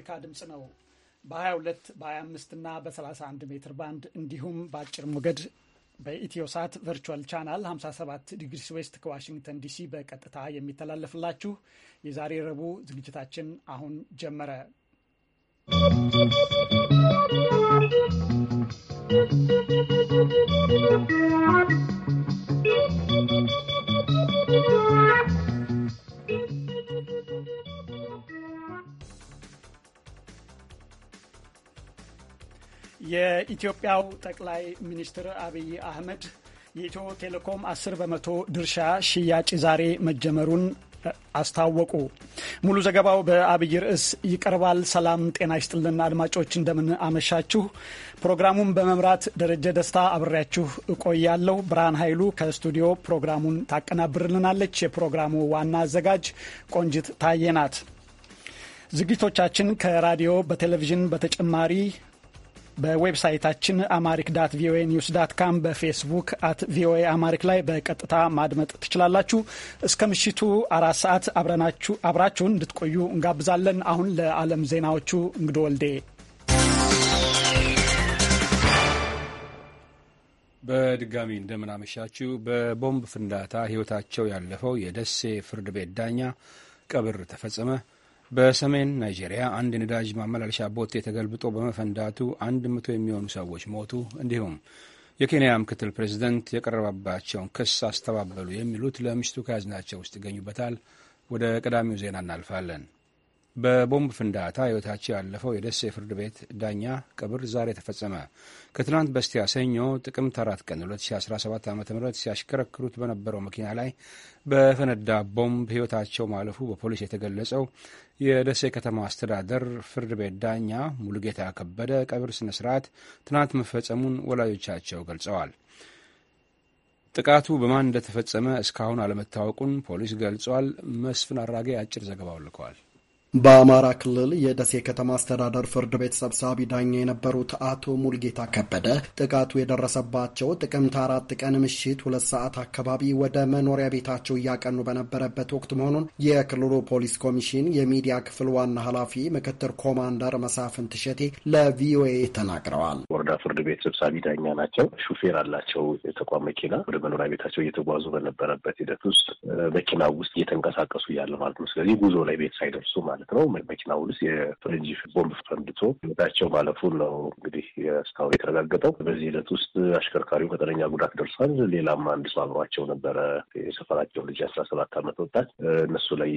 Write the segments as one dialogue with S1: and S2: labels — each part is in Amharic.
S1: የአሜሪካ ድምፅ ነው። በ22 በ25 እና በ31 ሜትር ባንድ እንዲሁም በአጭር ሞገድ በኢትዮሳት ቨርቹዋል ቻናል 57 ዲግሪስ ዌስት ከዋሽንግተን ዲሲ በቀጥታ የሚተላለፍላችሁ የዛሬ ረቡዕ ዝግጅታችን አሁን ጀመረ። ¶¶ የኢትዮጵያው ጠቅላይ ሚኒስትር አብይ አህመድ የኢትዮ ቴሌኮም 10 በመቶ ድርሻ ሽያጭ ዛሬ መጀመሩን አስታወቁ። ሙሉ ዘገባው በአብይ ርዕስ ይቀርባል። ሰላም ጤና ይስጥልን አድማጮች፣ እንደምን አመሻችሁ። ፕሮግራሙን በመምራት ደረጀ ደስታ አብሬያችሁ እቆያለሁ። ብርሃን ኃይሉ ከስቱዲዮ ፕሮግራሙን ታቀናብርልናለች። የፕሮግራሙ ዋና አዘጋጅ ቆንጅት ታየናት። ዝግጅቶቻችን ከራዲዮ በቴሌቪዥን በተጨማሪ በዌብሳይታችን አማሪክ ዳት ቪኦኤ ኒውስ ዳት ካም በፌስቡክ አት ቪኦኤ አማሪክ ላይ በቀጥታ ማድመጥ ትችላላችሁ። እስከ ምሽቱ አራት ሰዓት አብራችሁን እንድትቆዩ እንጋብዛለን። አሁን ለዓለም ዜናዎቹ እንግዶ ወልዴ
S2: በድጋሚ እንደምናመሻችሁ። በቦምብ ፍንዳታ ሕይወታቸው ያለፈው የደሴ ፍርድ ቤት ዳኛ ቀብር ተፈጸመ። በሰሜን ናይጄሪያ አንድ ነዳጅ ማመላለሻ ቦቴ ተገልብጦ በመፈንዳቱ አንድ መቶ የሚሆኑ ሰዎች ሞቱ። እንዲሁም የኬንያ ምክትል ፕሬዚደንት የቀረበባቸውን ክስ አስተባበሉ የሚሉት ለምሽቱ ከያዝናቸው ውስጥ ይገኙበታል። ወደ ቀዳሚው ዜና እናልፋለን። በቦምብ ፍንዳታ ሕይወታቸው ያለፈው የደሴ ፍርድ ቤት ዳኛ ቅብር ዛሬ ተፈጸመ። ከትናንት በስቲያ ሰኞ ጥቅምት 4 ቀን 2017 ዓ ም ሲያሽከረክሩት በነበረው መኪና ላይ በፈነዳ ቦምብ ሕይወታቸው ማለፉ በፖሊስ የተገለጸው የደሴ ከተማ አስተዳደር ፍርድ ቤት ዳኛ ሙሉጌታ ከበደ ቀብር ስነ ስርዓት ትናንት መፈጸሙን ወላጆቻቸው ገልጸዋል። ጥቃቱ በማን እንደተፈጸመ እስካሁን አለመታወቁን ፖሊስ ገልጿል። መስፍን አራጌ አጭር ዘገባው ልከዋል።
S3: በአማራ ክልል የደሴ ከተማ አስተዳደር ፍርድ ቤት ሰብሳቢ ዳኛ የነበሩት አቶ ሙልጌታ ከበደ ጥቃቱ የደረሰባቸው ጥቅምት አራት ቀን ምሽት ሁለት ሰዓት አካባቢ ወደ መኖሪያ ቤታቸው እያቀኑ በነበረበት ወቅት መሆኑን የክልሉ ፖሊስ ኮሚሽን የሚዲያ ክፍል ዋና ኃላፊ ምክትል ኮማንደር መሳፍን ትሸቴ
S4: ለቪኦኤ ተናግረዋል። ወረዳ ፍርድ ቤት ሰብሳቢ ዳኛ ናቸው። ሹፌር አላቸው። የተቋም መኪና ወደ መኖሪያ ቤታቸው እየተጓዙ በነበረበት ሂደት ውስጥ መኪና ውስጥ እየተንቀሳቀሱ ያለ ማለት ነው። ስለዚህ ጉዞ ላይ ቤት ሳይደርሱ ማለት ማለት ነው። መኪና ውስጥ የፈንጂ ቦምብ ፈንድቶ ህይወታቸው ማለፉን ነው እንግዲህ እስካሁን የተረጋገጠው። በዚህ ሂደት ውስጥ አሽከርካሪው መጠነኛ ጉዳት ደርሷል። ሌላም አንድ ሰው አብሯቸው ነበረ፣ የሰፈራቸው ልጅ አስራ ሰባት ዓመት ወጣት። እነሱ ላይ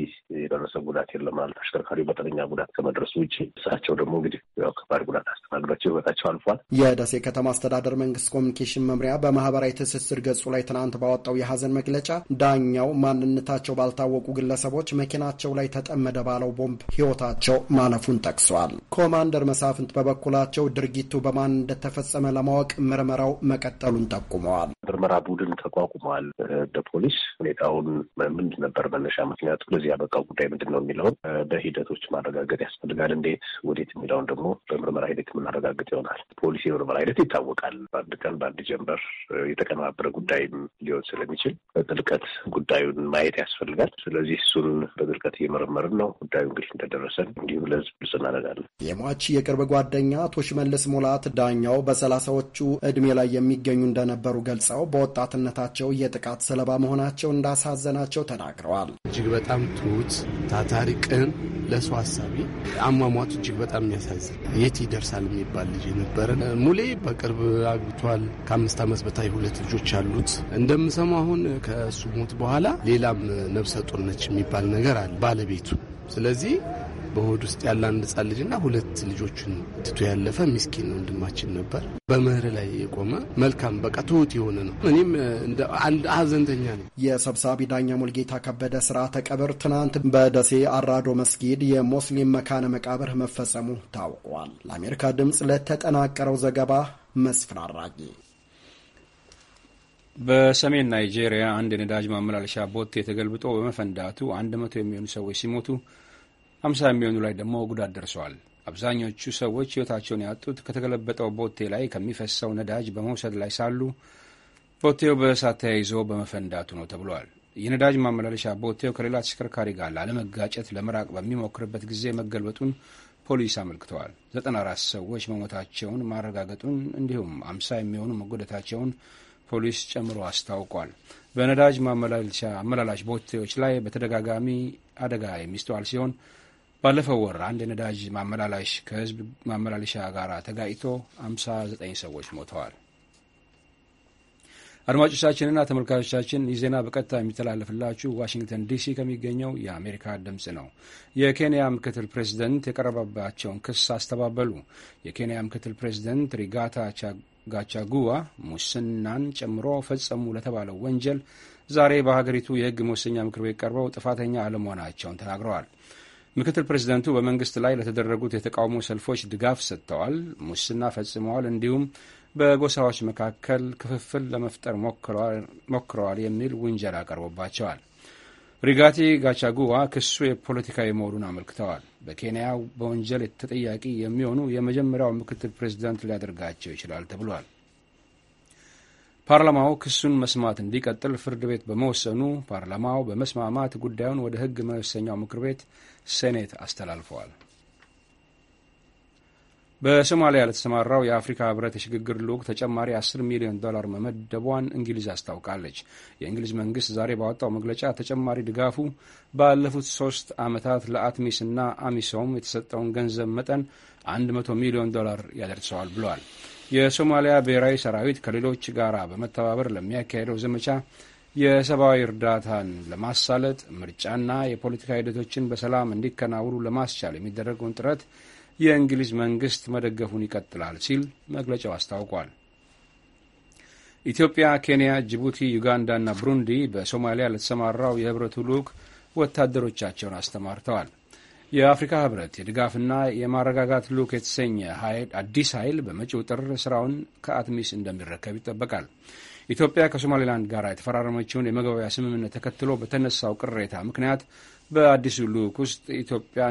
S4: የደረሰ ጉዳት የለም ማለት አሽከርካሪው መጠነኛ ጉዳት ከመድረሱ ውጭ፣ እሳቸው ደግሞ እንግዲህ ከባድ ጉዳት አስተናግዷቸው ህይወታቸው አልፏል።
S3: የደሴ ከተማ አስተዳደር መንግስት ኮሚኒኬሽን መምሪያ በማህበራዊ ትስስር ገጹ ላይ ትናንት ባወጣው የሀዘን መግለጫ ዳኛው ማንነታቸው ባልታወቁ ግለሰቦች መኪናቸው ላይ ተጠመደ ባለው ቦምብ ቦምብ ህይወታቸው ማለፉን ጠቅሰዋል። ኮማንደር መሳፍንት በበኩላቸው ድርጊቱ በማን እንደተፈጸመ ለማወቅ ምርመራው መቀጠሉን
S4: ጠቁመዋል። ምርመራ ቡድን ተቋቁመዋል። እንደ ፖሊስ ሁኔታውን ምንድን ነበር መነሻ ምክንያቱ ለዚህ ያበቃው ጉዳይ ምንድን ነው የሚለውን በሂደቶች ማረጋገጥ ያስፈልጋል። እንዴት ወዴት የሚለውን ደግሞ በምርመራ ሂደት የምናረጋግጥ ይሆናል። ፖሊስ የምርመራ ሂደት ይታወቃል። በአንድ ቀን በአንድ ጀንበር የተቀነባበረ ጉዳይም ሊሆን ስለሚችል በጥልቀት ጉዳዩን ማየት ያስፈልጋል። ስለዚህ እሱን በጥልቀት እየመረመርን ነው። ጉዳዩን ለፖሊስ እንደደረሰን እንዲሁ ለህዝብ ግልጽ
S3: የሟች የቅርብ ጓደኛ አቶ ሽመልስ ሙላት ዳኛው በሰላሳዎቹ እድሜ ላይ የሚገኙ እንደነበሩ ገልጸው በወጣትነታቸው የጥቃት ሰለባ መሆናቸው እንዳሳዘናቸው ተናግረዋል። እጅግ በጣም ትሁት፣ ታታሪ፣ ቅን፣ ለሰው አሳቢ አሟሟቱ እጅግ በጣም የሚያሳዝን የት ይደርሳል የሚባል ልጅ ነበረ። ሙሌ በቅርብ አግብቷል። ከአምስት ዓመት በታች ሁለት ልጆች አሉት። እንደምሰማ አሁን ከእሱ ሞት በኋላ ሌላም ነብሰ ጡር ነች የሚባል ነገር አለ ባለቤቱ ስለዚህ በሆድ ውስጥ ያለ አንድ ህጻን ልጅና ሁለት ልጆችን ትቶ ያለፈ ሚስኪን ወንድማችን ነበር። በመህር ላይ የቆመ መልካም በቃ ትሁት የሆነ ነው። እኔም እንደ አንድ ሀዘንተኛ ነው። የሰብሳቢ ዳኛ ሙልጌታ ከበደ ስርዓተ ቀብር ትናንት በደሴ አራዶ መስጊድ የሙስሊም መካነ መቃብር መፈጸሙ ታውቋል። ለአሜሪካ ድምፅ ለተጠናቀረው ዘገባ
S2: መስፍን አራጌ በሰሜን ናይጄሪያ አንድ የነዳጅ ማመላለሻ ቦቴ ተገልብጦ በመፈንዳቱ 100 የሚሆኑ ሰዎች ሲሞቱ 50 የሚሆኑ ላይ ደግሞ ጉዳት ደርሰዋል። አብዛኞቹ ሰዎች ሕይወታቸውን ያጡት ከተገለበጠው ቦቴ ላይ ከሚፈሰው ነዳጅ በመውሰድ ላይ ሳሉ ቦቴው በእሳት ተያይዞ በመፈንዳቱ ነው ተብሏል። የነዳጅ ማመላለሻ ቦቴው ከሌላ ተሽከርካሪ ጋር ላለመጋጨት ለመራቅ በሚሞክርበት ጊዜ መገልበጡን ፖሊስ አመልክተዋል። 94 ሰዎች መሞታቸውን ማረጋገጡን እንዲሁም 50 የሚሆኑ መጎደታቸውን ፖሊስ ጨምሮ አስታውቋል። በነዳጅ ማመላላሽ ቦቴዎች ላይ በተደጋጋሚ አደጋ የሚስተዋል ሲሆን ባለፈው ወር አንድ የነዳጅ ማመላላሽ ከህዝብ ማመላለሻ ጋር ተጋጭቶ 59 ሰዎች ሞተዋል። አድማጮቻችንና ተመልካቾቻችን ይህ ዜና በቀጥታ የሚተላለፍላችሁ ዋሽንግተን ዲሲ ከሚገኘው የአሜሪካ ድምፅ ነው። የኬንያ ምክትል ፕሬዚደንት የቀረበባቸውን ክስ አስተባበሉ። የኬንያ ምክትል ፕሬዚደንት ሪጋታ ጋቻጉዋ ሙስናን ጨምሮ ፈጸሙ ለተባለው ወንጀል ዛሬ በሀገሪቱ የህግ መወሰኛ ምክር ቤት ቀርበው ጥፋተኛ አለመሆናቸውን ተናግረዋል። ምክትል ፕሬዚደንቱ በመንግስት ላይ ለተደረጉት የተቃውሞ ሰልፎች ድጋፍ ሰጥተዋል፣ ሙስና ፈጽመዋል፣ እንዲሁም በጎሳዎች መካከል ክፍፍል ለመፍጠር ሞክረዋል የሚል ውንጀላ ቀርቦባቸዋል። ሪጋቲ ጋቻጉዋ ክሱ የፖለቲካዊ መሆኑን አመልክተዋል። በኬንያ በወንጀል ተጠያቂ የሚሆኑ የመጀመሪያው ምክትል ፕሬዚዳንት ሊያደርጋቸው ይችላል ተብሏል። ፓርላማው ክሱን መስማት እንዲቀጥል ፍርድ ቤት በመወሰኑ ፓርላማው በመስማማት ጉዳዩን ወደ ሕግ መወሰኛው ምክር ቤት ሴኔት አስተላልፈዋል። በሶማሊያ ለተሰማራው የአፍሪካ ህብረት የሽግግር ልዑክ ተጨማሪ 10 ሚሊዮን ዶላር መመደቧን እንግሊዝ አስታውቃለች። የእንግሊዝ መንግስት ዛሬ ባወጣው መግለጫ ተጨማሪ ድጋፉ ባለፉት ሶስት ዓመታት ለአትሚስ እና አሚሶም የተሰጠውን ገንዘብ መጠን 100 ሚሊዮን ዶላር ያደርሰዋል ብለዋል። የሶማሊያ ብሔራዊ ሰራዊት ከሌሎች ጋር በመተባበር ለሚያካሄደው ዘመቻ የሰብአዊ እርዳታን ለማሳለጥ ምርጫና የፖለቲካ ሂደቶችን በሰላም እንዲከናውኑ ለማስቻል የሚደረገውን ጥረት የእንግሊዝ መንግስት መደገፉን ይቀጥላል ሲል መግለጫው አስታውቋል። ኢትዮጵያ፣ ኬንያ፣ ጅቡቲ፣ ዩጋንዳ እና ብሩንዲ በሶማሊያ ለተሰማራው የህብረቱ ልዑክ ወታደሮቻቸውን አስተማርተዋል። የአፍሪካ ህብረት የድጋፍና የማረጋጋት ልዑክ የተሰኘ አዲስ ኃይል በመጪው ጥር ስራውን ከአትሚስ እንደሚረከብ ይጠበቃል። ኢትዮጵያ ከሶማሌላንድ ጋር የተፈራረመችውን የመግባቢያ ስምምነት ተከትሎ በተነሳው ቅሬታ ምክንያት በአዲሱ ልዑክ ውስጥ ኢትዮጵያ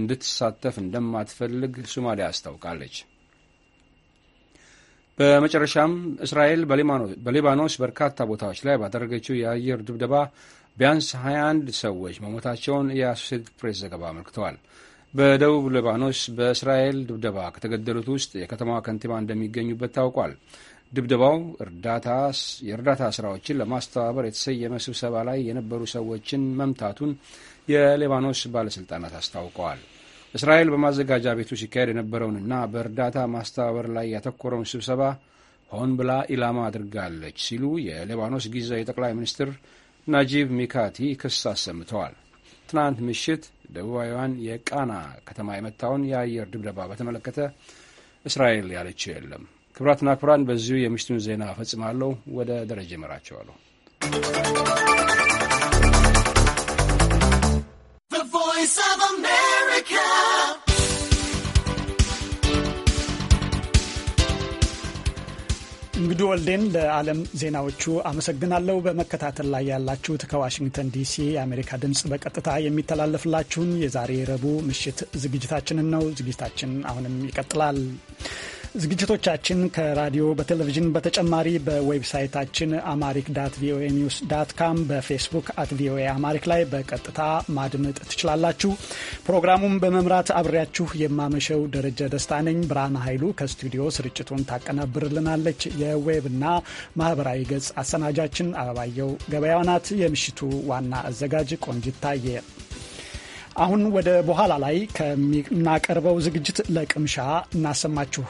S2: እንድትሳተፍ እንደማትፈልግ ሶማሊያ አስታውቃለች። በመጨረሻም እስራኤል በሊባኖስ በርካታ ቦታዎች ላይ ባደረገችው የአየር ድብደባ ቢያንስ 21 ሰዎች መሞታቸውን የአሶሴትድ ፕሬስ ዘገባ አመልክተዋል። በደቡብ ሊባኖስ በእስራኤል ድብደባ ከተገደሉት ውስጥ የከተማዋ ከንቲባ እንደሚገኙበት ታውቋል። ድብደባው የእርዳታ ስራዎችን ለማስተባበር የተሰየመ ስብሰባ ላይ የነበሩ ሰዎችን መምታቱን የሌባኖስ ባለሥልጣናት አስታውቀዋል። እስራኤል በማዘጋጃ ቤቱ ሲካሄድ የነበረውንና በእርዳታ ማስተባበር ላይ ያተኮረውን ስብሰባ ሆን ብላ ኢላማ አድርጋለች ሲሉ የሌባኖስ ጊዜያዊ ጠቅላይ ሚኒስትር ናጂብ ሚካቲ ክስ አሰምተዋል። ትናንት ምሽት ደቡባዊዋን የቃና ከተማ የመታውን የአየር ድብደባ በተመለከተ እስራኤል ያለችው የለም። ክብራትና ክብራን፣ በዚሁ የምሽቱን ዜና ፈጽማለሁ። ወደ ደረጀ መራቸዋለሁ።
S1: እንግዲህ ወልዴን ለዓለም ዜናዎቹ አመሰግናለሁ። በመከታተል ላይ ያላችሁት ከዋሽንግተን ዲሲ የአሜሪካ ድምፅ በቀጥታ የሚተላለፍላችሁን የዛሬ ረቡዕ ምሽት ዝግጅታችንን ነው። ዝግጅታችን አሁንም ይቀጥላል። ዝግጅቶቻችን ከራዲዮ በቴሌቪዥን በተጨማሪ በዌብሳይታችን አማሪክ ዳት ቪኦኤ ኒውስ ዳት ካም በፌስቡክ አት ቪኦኤ አማሪክ ላይ በቀጥታ ማድመጥ ትችላላችሁ። ፕሮግራሙን በመምራት አብሬያችሁ የማመሸው ደረጀ ደስታ ነኝ። ብርሃን ኃይሉ ከስቱዲዮ ስርጭቱን ታቀናብርልናለች። የዌብና ማህበራዊ ገጽ አሰናጃችን አበባየው ገበያው ናት። የምሽቱ ዋና አዘጋጅ ቆንጅታየ አሁን ወደ በኋላ ላይ ከሚናቀርበው ዝግጅት ለቅምሻ እናሰማችሁ።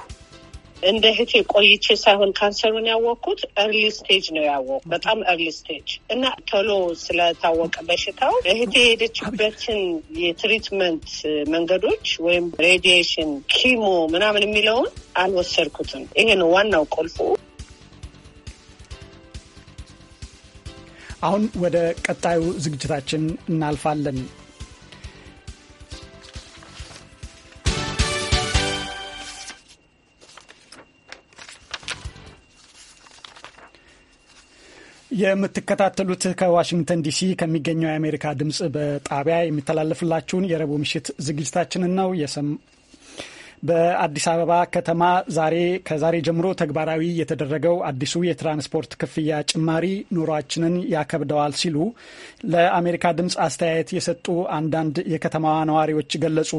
S5: እንደ እህቴ ቆይቼ ሳይሆን ካንሰሩን ያወቅኩት እርሊ ስቴጅ ነው ያወቅኩት፣ በጣም ርሊ ስቴጅ እና ቶሎ ስለታወቀ በሽታው እህቴ የሄደችበትን የትሪትመንት መንገዶች ወይም ሬዲዬሽን፣ ኪሞ ምናምን የሚለውን አልወሰድኩትም። ይሄ
S1: ነው ዋናው ቁልፉ። አሁን ወደ ቀጣዩ ዝግጅታችን እናልፋለን። የምትከታተሉት ከዋሽንግተን ዲሲ ከሚገኘው የአሜሪካ ድምፅ በጣቢያ የሚተላለፍላችሁን የረቡዕ ምሽት ዝግጅታችንን ነው። በአዲስ አበባ ከተማ ዛሬ ከዛሬ ጀምሮ ተግባራዊ የተደረገው አዲሱ የትራንስፖርት ክፍያ ጭማሪ ኑሯችንን ያከብደዋል ሲሉ ለአሜሪካ ድምፅ አስተያየት የሰጡ አንዳንድ የከተማዋ ነዋሪዎች ገለጹ።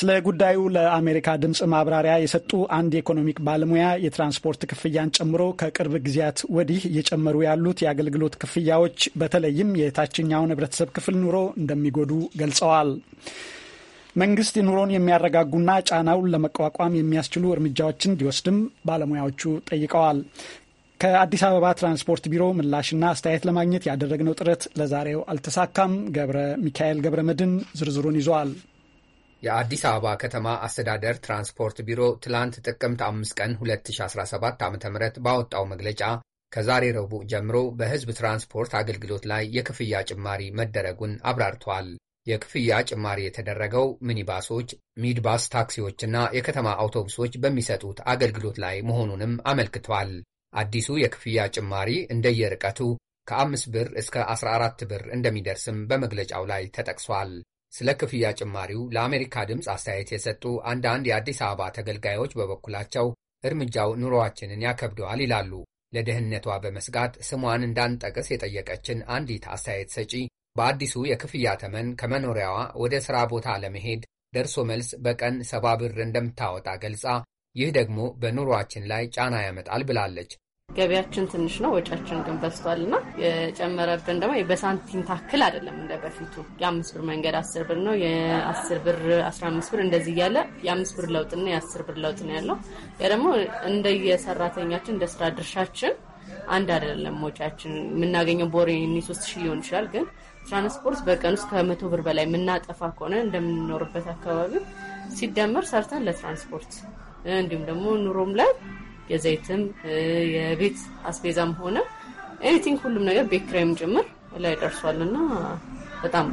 S1: ስለ ጉዳዩ ለአሜሪካ ድምፅ ማብራሪያ የሰጡ አንድ የኢኮኖሚክ ባለሙያ የትራንስፖርት ክፍያን ጨምሮ ከቅርብ ጊዜያት ወዲህ እየጨመሩ ያሉት የአገልግሎት ክፍያዎች በተለይም የታችኛውን ሕብረተሰብ ክፍል ኑሮ እንደሚጎዱ ገልጸዋል። መንግስት ኑሮን የሚያረጋጉና ጫናውን ለመቋቋም የሚያስችሉ እርምጃዎችን እንዲወስድም ባለሙያዎቹ ጠይቀዋል። ከአዲስ አበባ ትራንስፖርት ቢሮ ምላሽና አስተያየት ለማግኘት ያደረግነው ጥረት ለዛሬው አልተሳካም። ገብረ ሚካኤል ገብረ መድን ዝርዝሩን ይዘዋል።
S6: የአዲስ አበባ ከተማ አስተዳደር ትራንስፖርት ቢሮ ትላንት ጥቅምት 5 ቀን 2017 ዓ ም ባወጣው መግለጫ ከዛሬ ረቡዕ ጀምሮ በህዝብ ትራንስፖርት አገልግሎት ላይ የክፍያ ጭማሪ መደረጉን አብራርተዋል። የክፍያ ጭማሪ የተደረገው ሚኒባሶች፣ ሚድባስ ታክሲዎችና የከተማ አውቶቡሶች በሚሰጡት አገልግሎት ላይ መሆኑንም አመልክቷል። አዲሱ የክፍያ ጭማሪ እንደየርቀቱ ከአምስት ብር እስከ 14 ብር እንደሚደርስም በመግለጫው ላይ ተጠቅሷል። ስለ ክፍያ ጭማሪው ለአሜሪካ ድምፅ አስተያየት የሰጡ አንዳንድ የአዲስ አበባ ተገልጋዮች በበኩላቸው እርምጃው ኑሮዋችንን ያከብደዋል ይላሉ። ለደህንነቷ በመስጋት ስሟን እንዳንጠቅስ የጠየቀችን አንዲት አስተያየት ሰጪ በአዲሱ የክፍያ ተመን ከመኖሪያዋ ወደ ሥራ ቦታ ለመሄድ ደርሶ መልስ በቀን ሰባ ብር እንደምታወጣ ገልጻ ይህ ደግሞ በኑሯችን ላይ ጫና ያመጣል ብላለች።
S7: ገቢያችን ትንሽ ነው፣ ወጫችን ግን በዝቷል እና የጨመረብን ደግሞ በሳንቲም ታክል አይደለም እንደ በፊቱ የአምስት ብር መንገድ አስር ብር ነው። የአስር ብር አስራ አምስት ብር እንደዚህ እያለ የአምስት ብር ለውጥና የአስር ብር ለውጥ ነው ያለው። ያ ደግሞ እንደየሰራተኛችን እንደ ስራ ድርሻችን አንድ አይደለም። ወጫችን የምናገኘው ቦሬ ሶስት ሺህ ሊሆን ይችላል ግን ትራንስፖርት በቀን ውስጥ ከመቶ ብር በላይ የምናጠፋ ከሆነ እንደምንኖርበት አካባቢ ሲደመር ሰርተን ለትራንስፖርት እንዲሁም ደግሞ ኑሮም ላይ የዘይትም የቤት አስቤዛም ሆነ ኤኒቲንግ ሁሉም ነገር ቤት ኪራይም ጭምር
S6: ላይ ደርሷልና በጣም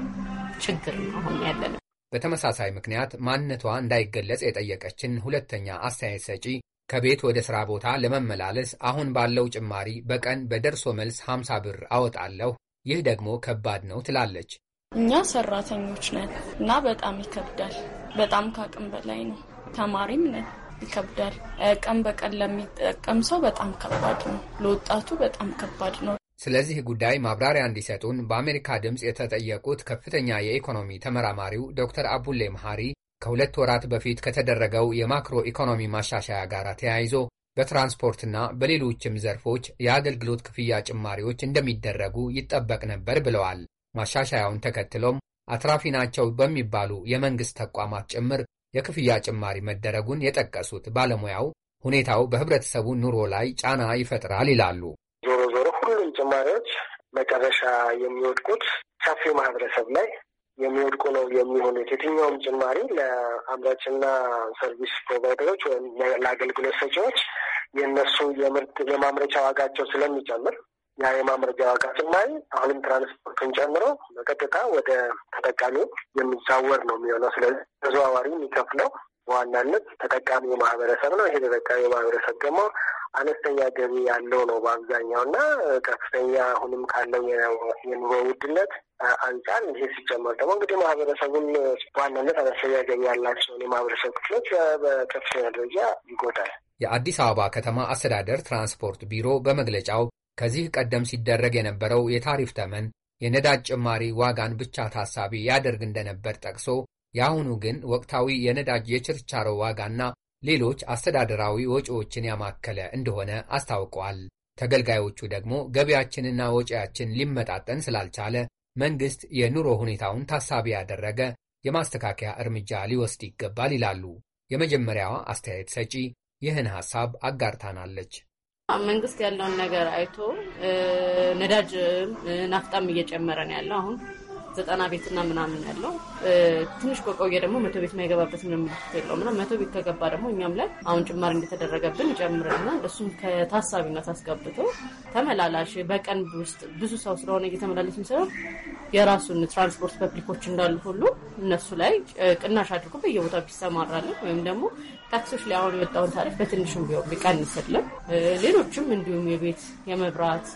S6: ችግር ነው አሁን ያለነው። በተመሳሳይ ምክንያት ማንነቷ እንዳይገለጽ የጠየቀችን ሁለተኛ አስተያየት ሰጪ ከቤት ወደ ሥራ ቦታ ለመመላለስ አሁን ባለው ጭማሪ በቀን በደርሶ መልስ 50 ብር አወጣለሁ ይህ ደግሞ ከባድ ነው ትላለች።
S7: እኛ ሰራተኞች ነን እና በጣም ይከብዳል። በጣም ከአቅም በላይ ነው። ተማሪም ነን፣ ይከብዳል። ቀን በቀን ለሚጠቀም ሰው በጣም ከባድ ነው። ለወጣቱ በጣም ከባድ ነው።
S6: ስለዚህ ጉዳይ ማብራሪያ እንዲሰጡን በአሜሪካ ድምፅ የተጠየቁት ከፍተኛ የኢኮኖሚ ተመራማሪው ዶክተር አቡሌ መሐሪ ከሁለት ወራት በፊት ከተደረገው የማክሮ ኢኮኖሚ ማሻሻያ ጋር ተያይዞ በትራንስፖርትና በሌሎችም ዘርፎች የአገልግሎት ክፍያ ጭማሪዎች እንደሚደረጉ ይጠበቅ ነበር ብለዋል። ማሻሻያውን ተከትሎም አትራፊ ናቸው በሚባሉ የመንግሥት ተቋማት ጭምር የክፍያ ጭማሪ መደረጉን የጠቀሱት ባለሙያው ሁኔታው በህብረተሰቡ ኑሮ ላይ ጫና ይፈጥራል ይላሉ።
S8: ዞሮ ዞሮ ሁሉም ጭማሪዎች መጨረሻ የሚወድቁት ሰፊው ማህበረሰብ ላይ የሚወድቁ ነው የሚሆኑት። የትኛውም ጭማሪ ለአምራችና ሰርቪስ ፕሮቫይደሮች ወይም ለአገልግሎት ሰጪዎች የእነሱ የምርት የማምረቻ ዋጋቸው ስለሚጨምር ያ የማምረጃ ዋጋ ጭማሪ አሁንም ትራንስፖርቱን ጨምሮ በቀጥታ ወደ ተጠቃሚ የሚዛወር ነው የሚሆነው። ስለዚህ ተዘዋዋሪ የሚከፍለው በዋናነት ተጠቃሚ ማህበረሰብ ነው። ይሄ ተጠቃሚ ማህበረሰብ ደግሞ አነስተኛ ገቢ ያለው ነው በአብዛኛው እና ከፍተኛ አሁንም ካለው የኑሮ ውድነት አንጻር ይሄ ሲጨመር ደግሞ እንግዲህ ማህበረሰቡን በዋናነት አነስተኛ ገቢ ያላቸውን የማህበረሰብ ክፍሎች በከፍተኛ ደረጃ ይጎዳል።
S6: የአዲስ አበባ ከተማ አስተዳደር ትራንስፖርት ቢሮ በመግለጫው ከዚህ ቀደም ሲደረግ የነበረው የታሪፍ ተመን የነዳጅ ጭማሪ ዋጋን ብቻ ታሳቢ ያደርግ እንደነበር ጠቅሶ የአሁኑ ግን ወቅታዊ የነዳጅ የችርቻሮ ዋጋና ሌሎች አስተዳደራዊ ወጪዎችን ያማከለ እንደሆነ አስታውቀዋል። ተገልጋዮቹ ደግሞ ገቢያችንና ወጪያችን ሊመጣጠን ስላልቻለ መንግሥት የኑሮ ሁኔታውን ታሳቢ ያደረገ የማስተካከያ እርምጃ ሊወስድ ይገባል ይላሉ። የመጀመሪያዋ አስተያየት ሰጪ ይህን ሐሳብ አጋርታናለች።
S7: መንግስት ያለውን ነገር አይቶ ነዳጅ ናፍጣም እየጨመረ ነው ያለው አሁን ዘጠና ቤትና ምናምን ያለው ትንሽ ከቆየ ደግሞ መቶ ቤት ማይገባበት ምንም ምልክት የለውም እና መቶ ቤት ከገባ ደግሞ እኛም ላይ አሁን ጭማሪ እንደተደረገብን ጨምረናል። እሱም ከታሳቢነት አስገብቶ ተመላላሽ በቀን ውስጥ ብዙ ሰው ስለሆነ እየተመላለስ የሚሰራው የራሱን ትራንስፖርት ፐብሊኮች እንዳሉ ሁሉ እነሱ ላይ ቅናሽ አድርጎ በየቦታ ቢሰማራለን ወይም ደግሞ ታክሶች ላይ አሁን የወጣውን ታሪፍ በትንሹም ቢሆን ቢቀንስልን ሌሎችም እንዲሁም የቤት የመብራት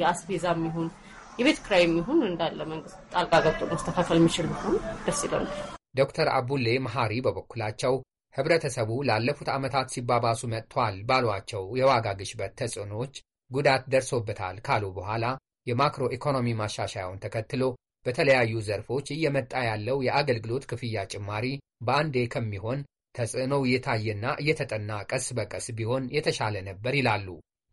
S7: የአስቤዛ ይሁን የቤት ክራይም ይሁን እንዳለ መንግስት
S6: ጣልቃ ገብቶ መስተካከል የሚችል ቢሆን ደስ ይለናል። ዶክተር አቡሌ መሐሪ በበኩላቸው ህብረተሰቡ ላለፉት ዓመታት ሲባባሱ መጥቷል ባሏቸው የዋጋ ግሽበት ተጽዕኖዎች ጉዳት ደርሶበታል ካሉ በኋላ የማክሮ ኢኮኖሚ ማሻሻያውን ተከትሎ በተለያዩ ዘርፎች እየመጣ ያለው የአገልግሎት ክፍያ ጭማሪ በአንዴ ከሚሆን ተጽዕኖው እየታየና እየተጠና ቀስ በቀስ ቢሆን የተሻለ ነበር ይላሉ።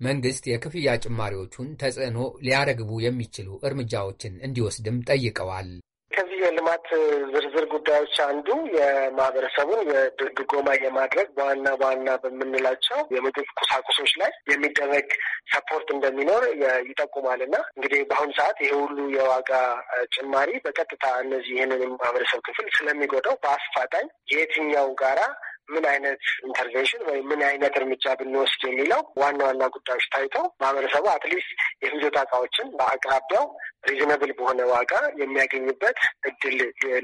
S6: መንግስት የክፍያ ጭማሪዎቹን ተጽዕኖ ሊያረግቡ የሚችሉ እርምጃዎችን እንዲወስድም ጠይቀዋል።
S8: ከዚህ የልማት ዝርዝር ጉዳዮች አንዱ የማህበረሰቡን የድጎማ የማድረግ ዋና ዋና በምንላቸው የምግብ ቁሳቁሶች ላይ የሚደረግ ሰፖርት እንደሚኖር ይጠቁማል እና እንግዲህ በአሁኑ ሰዓት ይሄ ሁሉ የዋጋ ጭማሪ በቀጥታ እነዚህ ይህንን ማህበረሰብ ክፍል ስለሚጎዳው በአስፋጣኝ የትኛው ጋራ ምን አይነት ኢንተርቬንሽን ወይም ምን አይነት እርምጃ ብንወስድ የሚለው ዋና ዋና ጉዳዮች ታይተው ማህበረሰቡ አትሊስት የፍጆታ እቃዎችን በአቅራቢያው ሪዝነብል በሆነ ዋጋ የሚያገኝበት እድል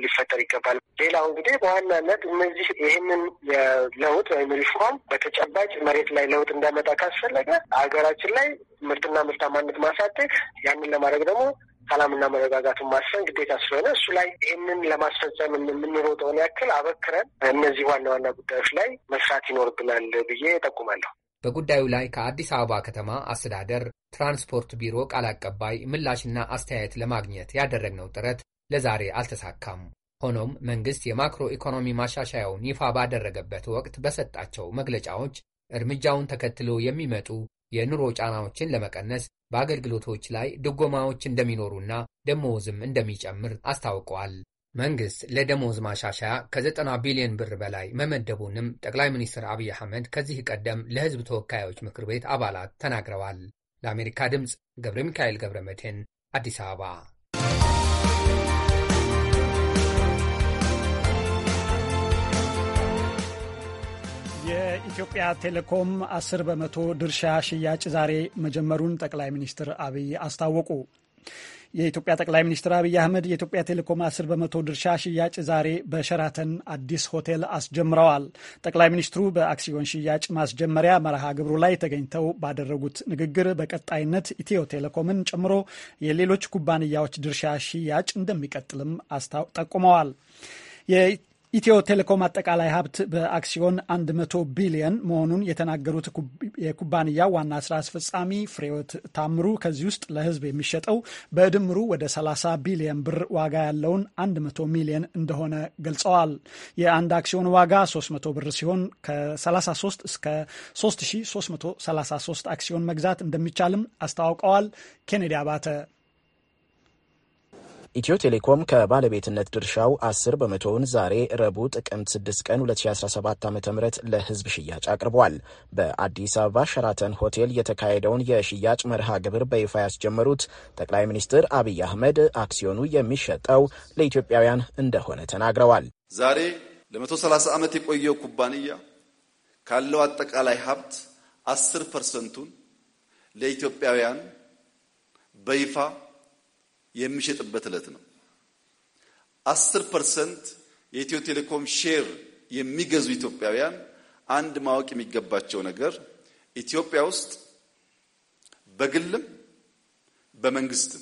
S8: ሊፈጠር ይገባል። ሌላው እንግዲህ በዋናነት እነዚህ ይህንን የለውጥ ወይም ሪፎርም በተጨባጭ መሬት ላይ ለውጥ እንዳመጣ ካስፈለገ ሀገራችን ላይ ምርትና ምርታማነት ማሳደግ ያንን ለማድረግ ደግሞ ሰላምና መረጋጋትን ማስፈን ግዴታ ስለሆነ እሱ ላይ ይህንን ለማስፈጸም የምንሮጠውን ያክል አበክረን እነዚህ ዋና ዋና ጉዳዮች ላይ መስራት ይኖርብናል ብዬ ጠቁማለሁ።
S6: በጉዳዩ ላይ ከአዲስ አበባ ከተማ አስተዳደር ትራንስፖርት ቢሮ ቃል አቀባይ ምላሽና አስተያየት ለማግኘት ያደረግነው ጥረት ለዛሬ አልተሳካም። ሆኖም መንግስት የማክሮ ኢኮኖሚ ማሻሻያውን ይፋ ባደረገበት ወቅት በሰጣቸው መግለጫዎች እርምጃውን ተከትሎ የሚመጡ የኑሮ ጫናዎችን ለመቀነስ በአገልግሎቶች ላይ ድጎማዎች እንደሚኖሩና ደሞዝም እንደሚጨምር አስታውቀዋል። መንግሥት ለደሞዝ ማሻሻያ ከ90 ቢሊዮን ብር በላይ መመደቡንም ጠቅላይ ሚኒስትር አብይ አህመድ ከዚህ ቀደም ለሕዝብ ተወካዮች ምክር ቤት አባላት ተናግረዋል። ለአሜሪካ ድምፅ ገብረ ሚካኤል ገብረ መድህን አዲስ አበባ
S1: የኢትዮጵያ ቴሌኮም 10 በመቶ ድርሻ ሽያጭ ዛሬ መጀመሩን ጠቅላይ ሚኒስትር አብይ አስታወቁ። የኢትዮጵያ ጠቅላይ ሚኒስትር አብይ አህመድ የኢትዮጵያ ቴሌኮም 10 በመቶ ድርሻ ሽያጭ ዛሬ በሸራተን አዲስ ሆቴል አስጀምረዋል። ጠቅላይ ሚኒስትሩ በአክሲዮን ሽያጭ ማስጀመሪያ መርሃ ግብሩ ላይ ተገኝተው ባደረጉት ንግግር በቀጣይነት ኢትዮ ቴሌኮምን ጨምሮ የሌሎች ኩባንያዎች ድርሻ ሽያጭ እንደሚቀጥልም ጠቁመዋል። ኢትዮ ቴሌኮም አጠቃላይ ሀብት በአክሲዮን 100 ቢሊየን መሆኑን የተናገሩት የኩባንያ ዋና ስራ አስፈጻሚ ፍሬወት ታምሩ ከዚህ ውስጥ ለሕዝብ የሚሸጠው በድምሩ ወደ 30 ቢሊየን ብር ዋጋ ያለውን 100 ሚሊየን እንደሆነ ገልጸዋል። የአንድ አክሲዮን ዋጋ 300 ብር ሲሆን ከ33 እስከ 3333 አክሲዮን መግዛት እንደሚቻልም አስታውቀዋል። ኬኔዲ አባተ
S9: ኢትዮ ቴሌኮም ከባለቤትነት ድርሻው 10 በመቶውን ዛሬ ረቡዕ ጥቅምት 6 ቀን 2017 ዓ ም ለህዝብ ሽያጭ አቅርቧል። በአዲስ አበባ ሸራተን ሆቴል የተካሄደውን የሽያጭ መርሃ ግብር በይፋ ያስጀመሩት ጠቅላይ ሚኒስትር አብይ አህመድ አክሲዮኑ የሚሸጠው ለኢትዮጵያውያን እንደሆነ ተናግረዋል።
S10: ዛሬ ለ130 ዓመት የቆየው ኩባንያ ካለው አጠቃላይ ሀብት 10 ፐርሰንቱን ለኢትዮጵያውያን በይፋ የሚሸጥበት ዕለት ነው። አስር ፐርሰንት የኢትዮ ቴሌኮም ሼር የሚገዙ ኢትዮጵያውያን አንድ ማወቅ የሚገባቸው ነገር ኢትዮጵያ ውስጥ በግልም በመንግስትም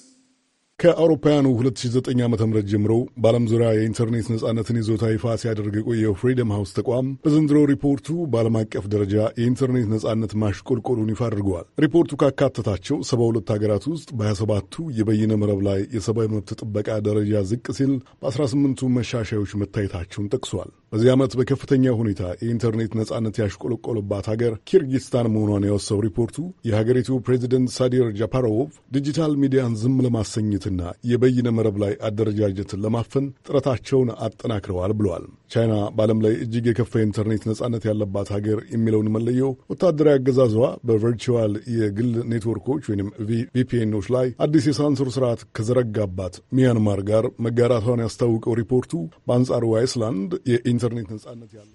S11: ከአውሮፓውያኑ 2009 ዓ ም ጀምሮ በዓለም ዙሪያ የኢንተርኔት ነጻነትን ይዞታ ይፋ ሲያደርግ የቆየው ፍሪደም ሃውስ ተቋም በዘንድሮ ሪፖርቱ በዓለም አቀፍ ደረጃ የኢንተርኔት ነጻነት ማሽቆልቆሉን ይፋ አድርገዋል። ሪፖርቱ ካካተታቸው 72 ሀገራት ውስጥ በ27ቱ የበይነ መረብ ላይ የሰብአዊ መብት ጥበቃ ደረጃ ዝቅ ሲል በ18ቱ መሻሻዮች መታየታቸውን ጠቅሷል። በዚህ ዓመት በከፍተኛ ሁኔታ የኢንተርኔት ነጻነት ያሽቆለቆለባት ሀገር ኪርጊስታን መሆኗን ያወሳው ሪፖርቱ የሀገሪቱ ፕሬዚደንት ሳዲር ጃፓሮቭ ዲጂታል ሚዲያን ዝም ለማሰኘት ስርጭትና የበይነ መረብ ላይ አደረጃጀትን ለማፈን ጥረታቸውን አጠናክረዋል ብለዋል። ቻይና በዓለም ላይ እጅግ የከፋ ኢንተርኔት ነጻነት ያለባት ሀገር የሚለውን መለየው ወታደራዊ አገዛዟ በቨርቹዋል የግል ኔትወርኮች ወይም ቪፒኤኖች ላይ አዲስ የሳንሱር ስርዓት ከዘረጋባት ሚያንማር ጋር መጋራቷን ያስታውቀው ሪፖርቱ በአንጻሩ አይስላንድ የኢንተርኔት ነጻነት ያለ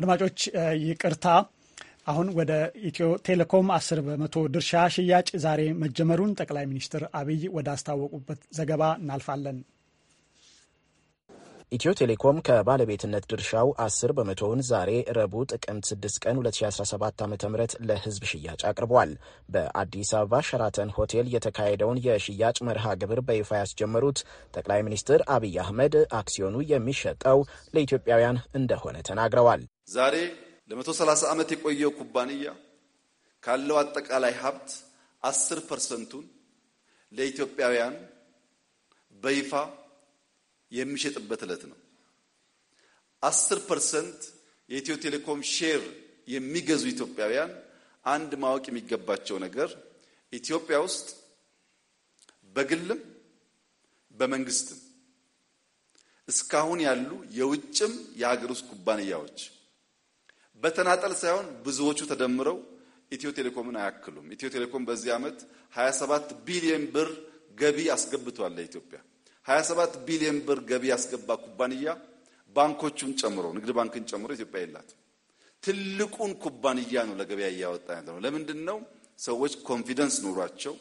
S1: አድማጮች ይቅርታ አሁን ወደ ኢትዮ ቴሌኮም አስር በመቶ ድርሻ ሽያጭ ዛሬ መጀመሩን ጠቅላይ ሚኒስትር አብይ ወዳስታወቁበት ዘገባ እናልፋለን።
S9: ኢትዮ ቴሌኮም ከባለቤትነት ድርሻው 10 በመቶውን ዛሬ ረቡዕ ጥቅምት 6 ቀን 2017 ዓ ም ለሕዝብ ሽያጭ አቅርቧል። በአዲስ አበባ ሸራተን ሆቴል የተካሄደውን የሽያጭ መርሃ ግብር በይፋ ያስጀመሩት ጠቅላይ ሚኒስትር አብይ አህመድ አክሲዮኑ የሚሸጠው ለኢትዮጵያውያን እንደሆነ ተናግረዋል።
S10: ዛሬ ለመቶ ሰላሳ ዓመት የቆየው ኩባንያ ካለው አጠቃላይ ሀብት አስር ፐርሰንቱን ለኢትዮጵያውያን በይፋ የሚሸጥበት ዕለት ነው። አስር ፐርሰንት የኢትዮ ቴሌኮም ሼር የሚገዙ ኢትዮጵያውያን አንድ ማወቅ የሚገባቸው ነገር ኢትዮጵያ ውስጥ በግልም በመንግስትም እስካሁን ያሉ የውጭም የሀገር ውስጥ ኩባንያዎች በተናጠል ሳይሆን ብዙዎቹ ተደምረው ኢትዮ ቴሌኮምን አያክሉም። ኢትዮ ቴሌኮም በዚህ ዓመት 27 ቢሊዮን ብር ገቢ አስገብቷል። ለኢትዮጵያ 27 ቢሊዮን ብር ገቢ ያስገባ ኩባንያ ባንኮቹን ጨምሮ ንግድ ባንክን ጨምሮ ኢትዮጵያ የላት። ትልቁን ኩባንያ ነው ለገበያ እያወጣ ነው። ለምንድን ነው? ሰዎች ኮንፊደንስ ኑሯቸው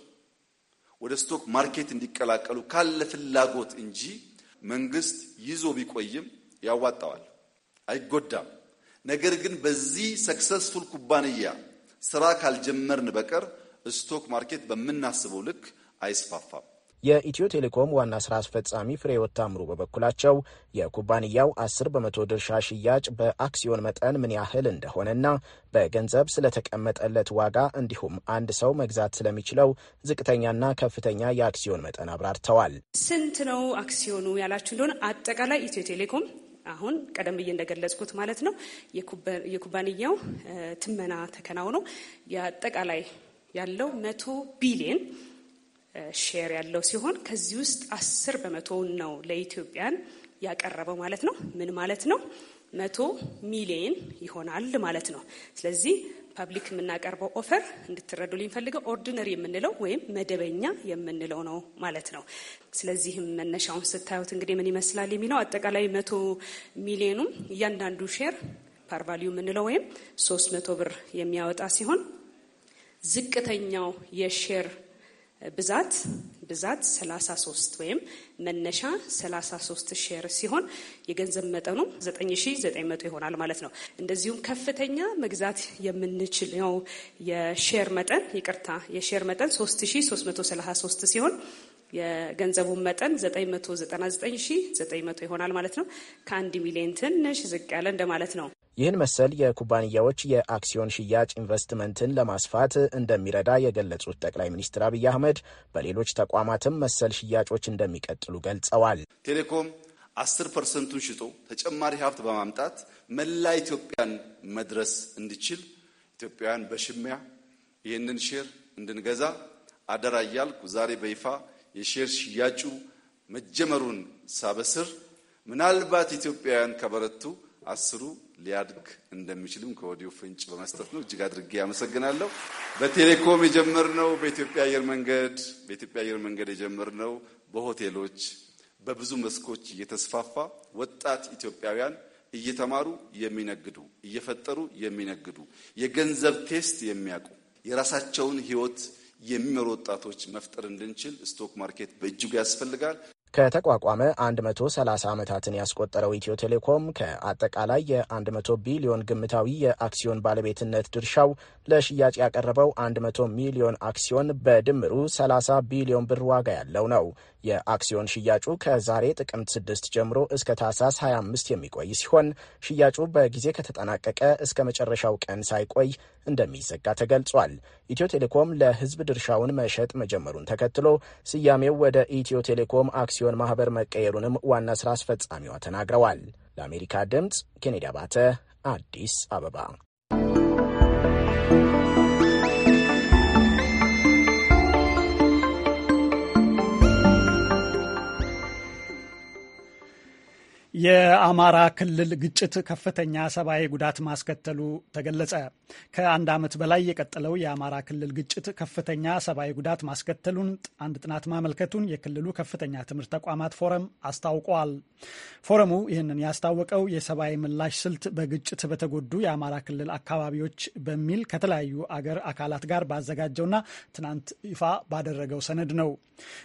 S10: ወደ ስቶክ ማርኬት እንዲቀላቀሉ ካለ ፍላጎት እንጂ መንግስት ይዞ ቢቆይም ያዋጣዋል፣ አይጎዳም። ነገር ግን በዚህ ሰክሰስፉል ኩባንያ ስራ ካልጀመርን በቀር ስቶክ ማርኬት በምናስበው ልክ አይስፋፋም።
S9: የኢትዮ ቴሌኮም ዋና ስራ አስፈጻሚ ፍሬሕይወት ታምሩ በበኩላቸው የኩባንያው አስር በመቶ ድርሻ ሽያጭ በአክሲዮን መጠን ምን ያህል እንደሆነና በገንዘብ ስለተቀመጠለት ዋጋ እንዲሁም አንድ ሰው መግዛት ስለሚችለው ዝቅተኛና ከፍተኛ የአክሲዮን መጠን አብራርተዋል።
S12: ስንት ነው አክሲዮኑ ያላችሁ እንደሆነ አጠቃላይ ኢትዮ ቴሌኮም አሁን ቀደም ብዬ እንደገለጽኩት ማለት ነው የኩባንያው ትመና ተከናውኖ የአጠቃላይ ያለው መቶ ቢሊየን ሼር ያለው ሲሆን ከዚህ ውስጥ አስር በመቶውን ነው ለኢትዮጵያን ያቀረበው ማለት ነው። ምን ማለት ነው? መቶ ሚሊየን ይሆናል ማለት ነው። ስለዚህ ፐብሊክ የምናቀርበው ኦፈር እንድትረዱ ልኝ ፈልገው ኦርዲነሪ የምንለው ወይም መደበኛ የምንለው ነው ማለት ነው። ስለዚህም መነሻውን ስታዩት እንግዲህ ምን ይመስላል የሚለው አጠቃላይ መቶ ሚሊዮኑም እያንዳንዱ ሼር ፓርቫሊዩ የምንለው ወይም ሶስት መቶ ብር የሚያወጣ ሲሆን ዝቅተኛው የሼር ብዛት ብዛት 33 ወይም መነሻ 33 ሼር ሲሆን የገንዘብ መጠኑ 9900 ይሆናል ማለት ነው። እንደዚሁም ከፍተኛ መግዛት የምንችለው የሼር መጠን ይቅርታ፣ የሼር መጠን 3333 ሲሆን የገንዘቡን መጠን 999900 ይሆናል ማለት ነው። ከአንድ ሚሊዮን ትንሽ ዝቅ ያለ እንደማለት ነው።
S9: ይህን መሰል የኩባንያዎች የአክሲዮን ሽያጭ ኢንቨስትመንትን ለማስፋት እንደሚረዳ የገለጹት ጠቅላይ ሚኒስትር አብይ አህመድ በሌሎች ተቋማትም መሰል ሽያጮች እንደሚቀጥሉ ገልጸዋል።
S10: ቴሌኮም አስር ፐርሰንቱን ሽጦ ተጨማሪ ሀብት በማምጣት መላ ኢትዮጵያን መድረስ እንዲችል ኢትዮጵያውያን በሽሚያ ይህንን ሼር እንድንገዛ አደራ እያልኩ ዛሬ በይፋ የሼር ሽያጩ መጀመሩን ሳበስር ምናልባት ኢትዮጵያውያን ከበረቱ አስሩ ሊያድግ እንደሚችልም ከወዲሁ ፍንጭ በመስጠት ነው። እጅግ አድርጌ አመሰግናለሁ። በቴሌኮም የጀመርነው በኢትዮጵያ አየር መንገድ በኢትዮጵያ አየር መንገድ የጀመርነው በሆቴሎች በብዙ መስኮች እየተስፋፋ ወጣት ኢትዮጵያውያን እየተማሩ የሚነግዱ እየፈጠሩ የሚነግዱ የገንዘብ ቴስት የሚያውቁ የራሳቸውን ሕይወት የሚመሩ ወጣቶች መፍጠር እንድንችል ስቶክ ማርኬት በእጅጉ ያስፈልጋል።
S9: ከተቋቋመ 130 ዓመታትን ያስቆጠረው ኢትዮ ቴሌኮም ከአጠቃላይ የ100 ቢሊዮን ግምታዊ የአክሲዮን ባለቤትነት ድርሻው ለሽያጭ ያቀረበው 100 ሚሊዮን አክሲዮን በድምሩ 30 ቢሊዮን ብር ዋጋ ያለው ነው። የአክሲዮን ሽያጩ ከዛሬ ጥቅምት 6 ጀምሮ እስከ ታህሳስ 25 የሚቆይ ሲሆን ሽያጩ በጊዜ ከተጠናቀቀ እስከ መጨረሻው ቀን ሳይቆይ እንደሚዘጋ ተገልጿል። ኢትዮ ቴሌኮም ለሕዝብ ድርሻውን መሸጥ መጀመሩን ተከትሎ ስያሜው ወደ ኢትዮ ቴሌኮም አክሲዮን ማህበር መቀየሩንም ዋና ስራ አስፈጻሚዋ ተናግረዋል። ለአሜሪካ ድምፅ ኬኔዲ አባተ አዲስ አበባ
S1: የአማራ ክልል ግጭት ከፍተኛ ሰብአዊ ጉዳት ማስከተሉ ተገለጸ። ከአንድ ዓመት በላይ የቀጠለው የአማራ ክልል ግጭት ከፍተኛ ሰብአዊ ጉዳት ማስከተሉን አንድ ጥናት ማመልከቱን የክልሉ ከፍተኛ ትምህርት ተቋማት ፎረም አስታውቋል። ፎረሙ ይህንን ያስታወቀው የሰብአዊ ምላሽ ስልት በግጭት በተጎዱ የአማራ ክልል አካባቢዎች በሚል ከተለያዩ አገር አካላት ጋር ባዘጋጀውና ትናንት ይፋ ባደረገው ሰነድ ነው።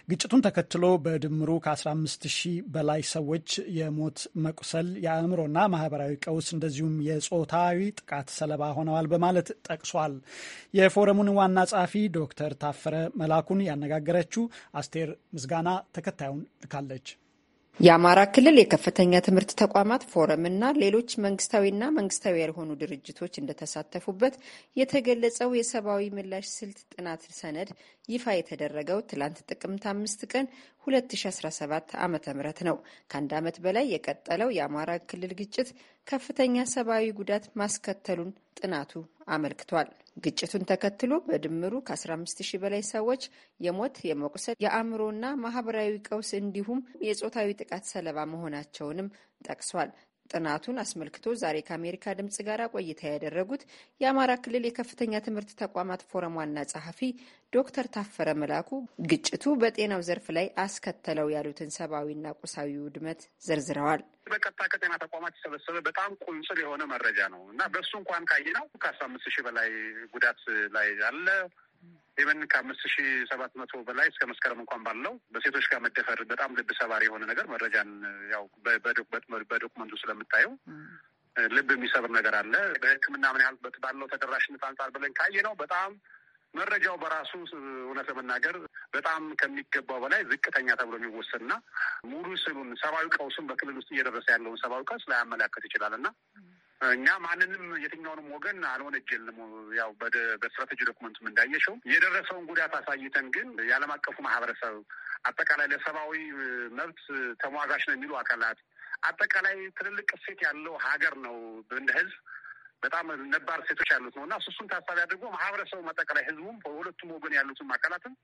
S1: ግጭቱን ተከትሎ በድምሩ ከ15 ሺህ በላይ ሰዎች የሞት መቁሰል፣ የአእምሮና ማህበራዊ ቀውስ እንደዚሁም የጾታዊ ጥቃት ሰለባ ሆነዋል በማለት ጠቅሷል። የፎረሙን ዋና ጸሐፊ ዶክተር ታፈረ መላኩን ያነጋገረችው አስቴር ምስጋና ተከታዩን ልካለች።
S13: የአማራ ክልል የከፍተኛ ትምህርት ተቋማት ፎረም እና ሌሎች መንግስታዊና መንግስታዊ ያልሆኑ ድርጅቶች እንደተሳተፉበት የተገለጸው የሰብአዊ ምላሽ ስልት ጥናት ሰነድ ይፋ የተደረገው ትላንት ጥቅምት አምስት ቀን 2017 ዓ ም ነው። ከአንድ ዓመት በላይ የቀጠለው የአማራ ክልል ግጭት ከፍተኛ ሰብአዊ ጉዳት ማስከተሉን ጥናቱ አመልክቷል። ግጭቱን ተከትሎ በድምሩ ከ15 ሺህ በላይ ሰዎች የሞት የመቁሰል፣ የአእምሮና ማህበራዊ ቀውስ እንዲሁም የጾታዊ ጥቃት ሰለባ መሆናቸውንም ጠቅሷል። ጥናቱን አስመልክቶ ዛሬ ከአሜሪካ ድምጽ ጋር ቆይታ ያደረጉት የአማራ ክልል የከፍተኛ ትምህርት ተቋማት ፎረም ዋና ጸሐፊ ዶክተር ታፈረ መላኩ ግጭቱ በጤናው ዘርፍ ላይ አስከተለው ያሉትን ሰብአዊና ቁሳዊ ውድመት ዘርዝረዋል። በቀጥታ ከጤና ተቋማት
S14: የሰበሰበ በጣም ቁንጽል የሆነ መረጃ ነው እና በሱ እንኳን ካየነው ከአስራ አምስት ሺህ በላይ ጉዳት ላይ አለ ኢቨን ከአምስት ሺ ሰባት መቶ በላይ እስከ መስከረም እንኳን ባለው በሴቶች ጋር መደፈር በጣም ልብ ሰባሪ የሆነ ነገር መረጃን ያው በዶክመንቱ ስለምታየው ልብ የሚሰብር ነገር አለ። በሕክምና ምን ያህል ባለው ተደራሽነት አንጻር ብለን ካየ ነው በጣም መረጃው በራሱ እውነት ለመናገር በጣም ከሚገባው በላይ ዝቅተኛ ተብሎ የሚወሰድና ሙሉ ስሉን ሰብአዊ ቀውሱን በክልል ውስጥ እየደረሰ ያለውን ሰብአዊ ቀውስ ላያመላከት ይችላል እና እኛ ማንንም የትኛውንም ወገን አልወነጀልም። ያው በስትራቴጂ ዶክመንቱም እንዳየሸው የደረሰውን ጉዳት አሳይተን ግን የዓለም አቀፉ ማህበረሰብ አጠቃላይ ለሰብአዊ መብት ተሟጋች ነው የሚሉ አካላት አጠቃላይ ትልልቅ እሴት ያለው ሀገር ነው እንደ ህዝብ በጣም ነባር ሴቶች ያሉት ነው እና እሱን ታሳቢ አድርጎ ማህበረሰቡ አጠቃላይ ህዝቡም በሁለቱም ወገን ያሉትም አካላትም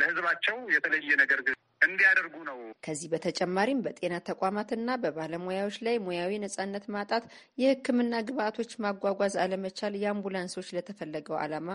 S14: ለህዝባቸው የተለየ ነገር
S13: እንዲያደርጉ ነው። ከዚህ በተጨማሪም በጤና ተቋማትና በባለሙያዎች ላይ ሙያዊ ነጻነት ማጣት፣ የሕክምና ግብአቶች ማጓጓዝ አለመቻል፣ የአምቡላንሶች ለተፈለገው ዓላማ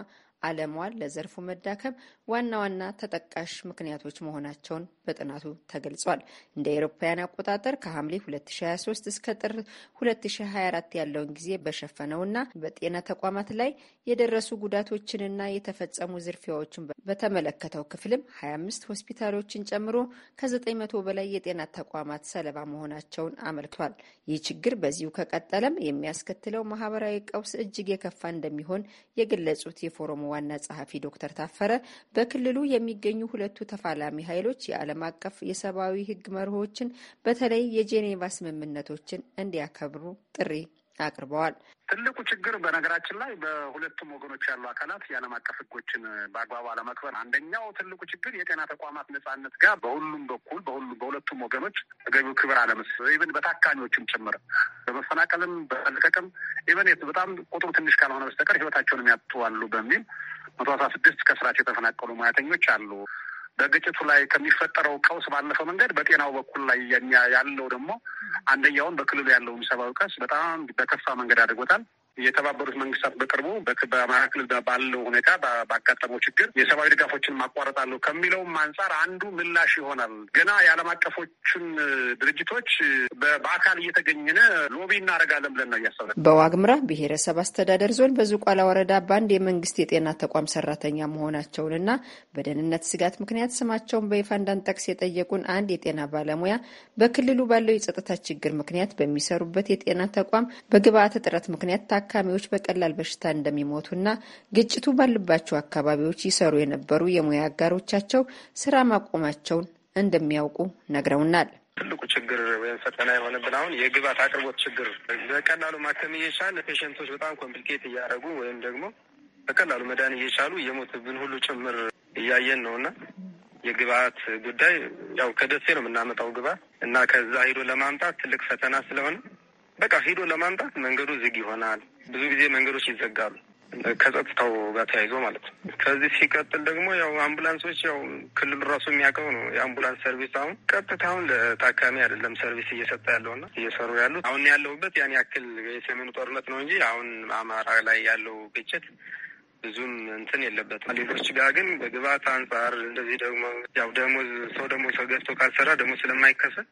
S13: አለሟን ለዘርፉ መዳከም ዋና ዋና ተጠቃሽ ምክንያቶች መሆናቸውን በጥናቱ ተገልጿል። እንደ አውሮፓውያን አቆጣጠር ከሐምሌ 2023 እስከ ጥር 2024 ያለውን ጊዜ በሸፈነውና በጤና ተቋማት ላይ የደረሱ ጉዳቶችንና የተፈጸሙ ዝርፊያዎችን በተመለከተው ክፍልም 25 ሆስፒታሎችን ጨምሮ ከ900 በላይ የጤና ተቋማት ሰለባ መሆናቸውን አመልክቷል። ይህ ችግር በዚሁ ከቀጠለም የሚያስከትለው ማህበራዊ ቀውስ እጅግ የከፋ እንደሚሆን የገለጹት የፎረሙ ዋና ጸሐፊ ዶክተር ታፈረ በክልሉ የሚገኙ ሁለቱ ተፋላሚ ኃይሎች የዓለም አቀፍ የሰብአዊ ሕግ መርሆችን በተለይ የጄኔቫ ስምምነቶችን እንዲያከብሩ ጥሪ አቅርበዋል።
S14: ትልቁ ችግር በነገራችን ላይ በሁለቱም ወገኖች ያሉ አካላት የዓለም አቀፍ ሕጎችን በአግባቡ አለማክበር፣ አንደኛው ትልቁ ችግር የጤና ተቋማት ነጻነት ጋር በሁሉም በኩል በሁሉም በሁለቱም ወገኖች ገቢው ክብር አለመስ ኢቨን በታካሚዎችም ጭምር በመፈናቀልም በመልቀቅም ኢቨን በጣም ቁጥሩ ትንሽ ካልሆነ በስተቀር ሕይወታቸውን የሚያጡ አሉ በሚል መቶ አስራ ስድስት ከስራቸው የተፈናቀሉ ሙያተኞች አሉ። በግጭቱ ላይ ከሚፈጠረው ቀውስ ባለፈ መንገድ በጤናው በኩል ላይ ያለው ደግሞ አንደኛውን በክልሉ ያለውን ሰብአዊ ቀውስ በጣም በከፋ መንገድ አድርጎታል። የተባበሩት መንግስታት በቅርቡ በአማራ ክልል ባለው ሁኔታ ባጋጠመው ችግር የሰብአዊ ድጋፎችን ማቋረጣለሁ ከሚለውም አንጻር አንዱ ምላሽ ይሆናል። ገና የዓለም አቀፎችን ድርጅቶች በአካል እየተገኘነ ሎቢ እናደርጋለን ብለን ነው እያሰብን።
S13: በዋግምራ ብሔረሰብ አስተዳደር ዞን በዝቋላ ወረዳ በአንድ የመንግስት የጤና ተቋም ሰራተኛ መሆናቸውንና በደህንነት ስጋት ምክንያት ስማቸውን በይፋ እንዳንጠቅስ የጠየቁን አንድ የጤና ባለሙያ በክልሉ ባለው የጸጥታ ችግር ምክንያት በሚሰሩበት የጤና ተቋም በግብአት እጥረት ምክንያት ታካሚዎች በቀላል በሽታ እንደሚሞቱና ግጭቱ ባለባቸው አካባቢዎች ይሰሩ የነበሩ የሙያ አጋሮቻቸው ስራ ማቆማቸውን እንደሚያውቁ ነግረውናል። ትልቁ ችግር ወይም ፈተና የሆነብን አሁን የግብዓት አቅርቦት ችግር፣ በቀላሉ
S8: ማከም እየቻለ ፔሸንቶች በጣም ኮምፕሊኬት እያደረጉ ወይም ደግሞ በቀላሉ መዳን እየቻሉ የሞትብን ሁሉ ጭምር እያየን ነው እና የግብአት ጉዳይ ያው ከደሴ ነው የምናመጣው ግብአት እና ከዛ ሂዶ ለማምጣት ትልቅ ፈተና ስለሆነ በቃ ሄዶ ለማምጣት መንገዱ ዝግ ይሆናል። ብዙ ጊዜ መንገዶች ይዘጋሉ ከጸጥታው ጋር ተያይዞ ማለት ነው። ከዚህ ሲቀጥል ደግሞ ያው አምቡላንሶች ያው ክልሉ ራሱ የሚያውቀው ነው። የአምቡላንስ ሰርቪስ አሁን ቀጥታ አሁን ለታካሚ አይደለም ሰርቪስ እየሰጠ ያለውና እየሰሩ ያሉት አሁን ያለሁበት ያን ያክል የሰሜኑ ጦርነት ነው እንጂ አሁን አማራ ላይ ያለው ግጭት ብዙም እንትን የለበትም። ሌሎች ጋር ግን በግብአት አንጻር እንደዚህ ደግሞ ያው ደሞዝ ሰው ደግሞ ሰው ገብቶ ካልሰራ ደግሞ ስለማይከሰል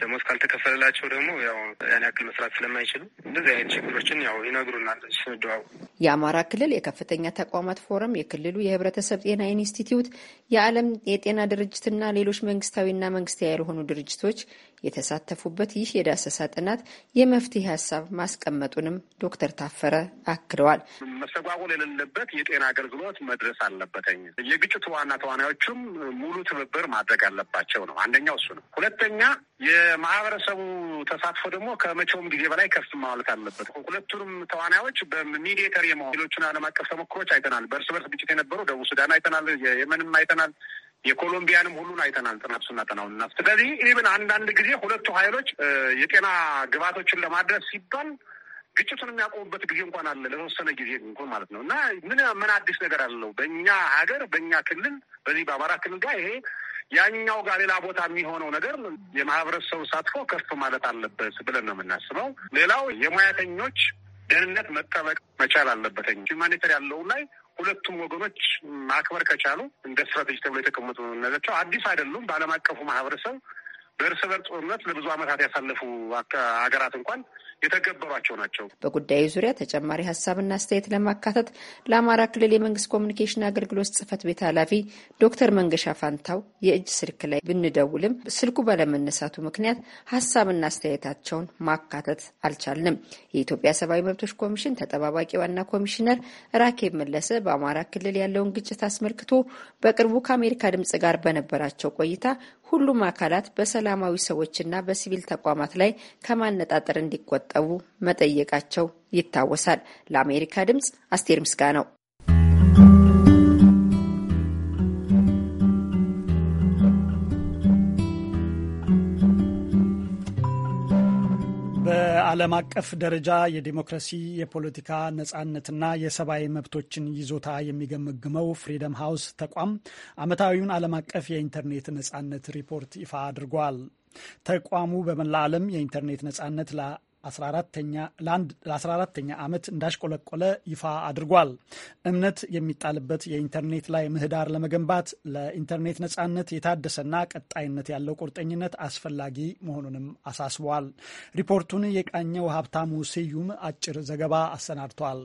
S8: ደሞዝ ካልተከፈለላቸው ደግሞ ያው ያን ያክል መስራት ስለማይችሉ እንደዚህ አይነት ችግሮችን ያው ይነግሩናል ስንደዋው።
S13: የአማራ ክልል የከፍተኛ ተቋማት ፎረም፣ የክልሉ የህብረተሰብ ጤና ኢንስቲትዩት፣ የዓለም የጤና ድርጅትና ሌሎች መንግስታዊና መንግስታዊ ያልሆኑ ድርጅቶች የተሳተፉበት ይህ የዳሰሳ ጥናት የመፍትሄ ሀሳብ ማስቀመጡንም ዶክተር ታፈረ አክለዋል።
S14: መስተጓጎል የሌለበት የጤና አገልግሎት መድረስ አለበተኝ የግጭቱ ዋና ተዋናዮቹም ሙሉ ትብብር ማድረግ አለባቸው ነው። አንደኛው እሱ ነው። ሁለተኛ የማህበረሰቡ ተሳትፎ ደግሞ ከመቼውም ጊዜ በላይ ከፍ ማለት አለበት። ሁለቱንም ተዋናዮች በሚዲተር የመሆን ሌሎቹን ዓለም አቀፍ ተሞክሮች አይተናል። በእርስ በርስ ግጭት የነበሩ ደቡብ ሱዳን አይተናል፣ የመንም አይተናል። የኮሎምቢያንም ሁሉን አይተናል ጥናት ስናጠናውና ስለዚህ ኢብን አንዳንድ ጊዜ ሁለቱ ኃይሎች የጤና ግብዓቶችን ለማድረስ ሲባል ግጭቱን የሚያቆሙበት ጊዜ እንኳን አለ፣ ለተወሰነ ጊዜ እንኳን ማለት ነው። እና ምን ምን አዲስ ነገር አለው በእኛ ሀገር በእኛ ክልል በዚህ በአማራ ክልል ጋር ይሄ ያኛው ጋር ሌላ ቦታ የሚሆነው ነገር የማህበረሰቡ ሳትፎ ከፍ ማለት አለበት ብለን ነው የምናስበው። ሌላው የሙያተኞች ደህንነት መጠበቅ መቻል አለበት። ሁማኒተር ያለውን ላይ ሁለቱም ወገኖች ማክበር ከቻሉ እንደ ስትራቴጂ ተብሎ የተቀመጡ ነገቸው አዲስ አይደሉም። በዓለም አቀፉ ማህበረሰብ በእርስ በር ጦርነት ለብዙ ዓመታት ያሳለፉ ሀገራት እንኳን የተገበሯቸው
S13: ናቸው። በጉዳዩ ዙሪያ ተጨማሪ ሀሳብና አስተያየት ለማካተት ለአማራ ክልል የመንግስት ኮሚኒኬሽን አገልግሎት ጽህፈት ቤት ኃላፊ ዶክተር መንገሻ ፋንታው የእጅ ስልክ ላይ ብንደውልም ስልኩ ባለመነሳቱ ምክንያት ሀሳብና አስተያየታቸውን ማካተት አልቻልንም። የኢትዮጵያ ሰብአዊ መብቶች ኮሚሽን ተጠባባቂ ዋና ኮሚሽነር ራኬብ መለሰ በአማራ ክልል ያለውን ግጭት አስመልክቶ በቅርቡ ከአሜሪካ ድምጽ ጋር በነበራቸው ቆይታ ሁሉም አካላት በሰላማዊ ሰዎችና በሲቪል ተቋማት ላይ ከማነጣጠር እንዲቆጠቡ መጠየቃቸው ይታወሳል። ለአሜሪካ ድምጽ አስቴር ምስጋ ነው።
S1: በዓለም አቀፍ ደረጃ የዲሞክራሲ የፖለቲካ ነጻነትና የሰብአዊ መብቶችን ይዞታ የሚገመግመው ፍሪደም ሃውስ ተቋም ዓመታዊውን ዓለም አቀፍ የኢንተርኔት ነጻነት ሪፖርት ይፋ አድርጓል። ተቋሙ በመላ ዓለም የኢንተርኔት ነጻነት ለ14ተኛ ዓመት እንዳሽቆለቆለ ይፋ አድርጓል። እምነት የሚጣልበት የኢንተርኔት ላይ ምህዳር ለመገንባት ለኢንተርኔት ነጻነት የታደሰና ቀጣይነት ያለው ቁርጠኝነት አስፈላጊ መሆኑንም አሳስበዋል። ሪፖርቱን የቃኘው ሀብታሙ ስዩም አጭር ዘገባ አሰናድቷል።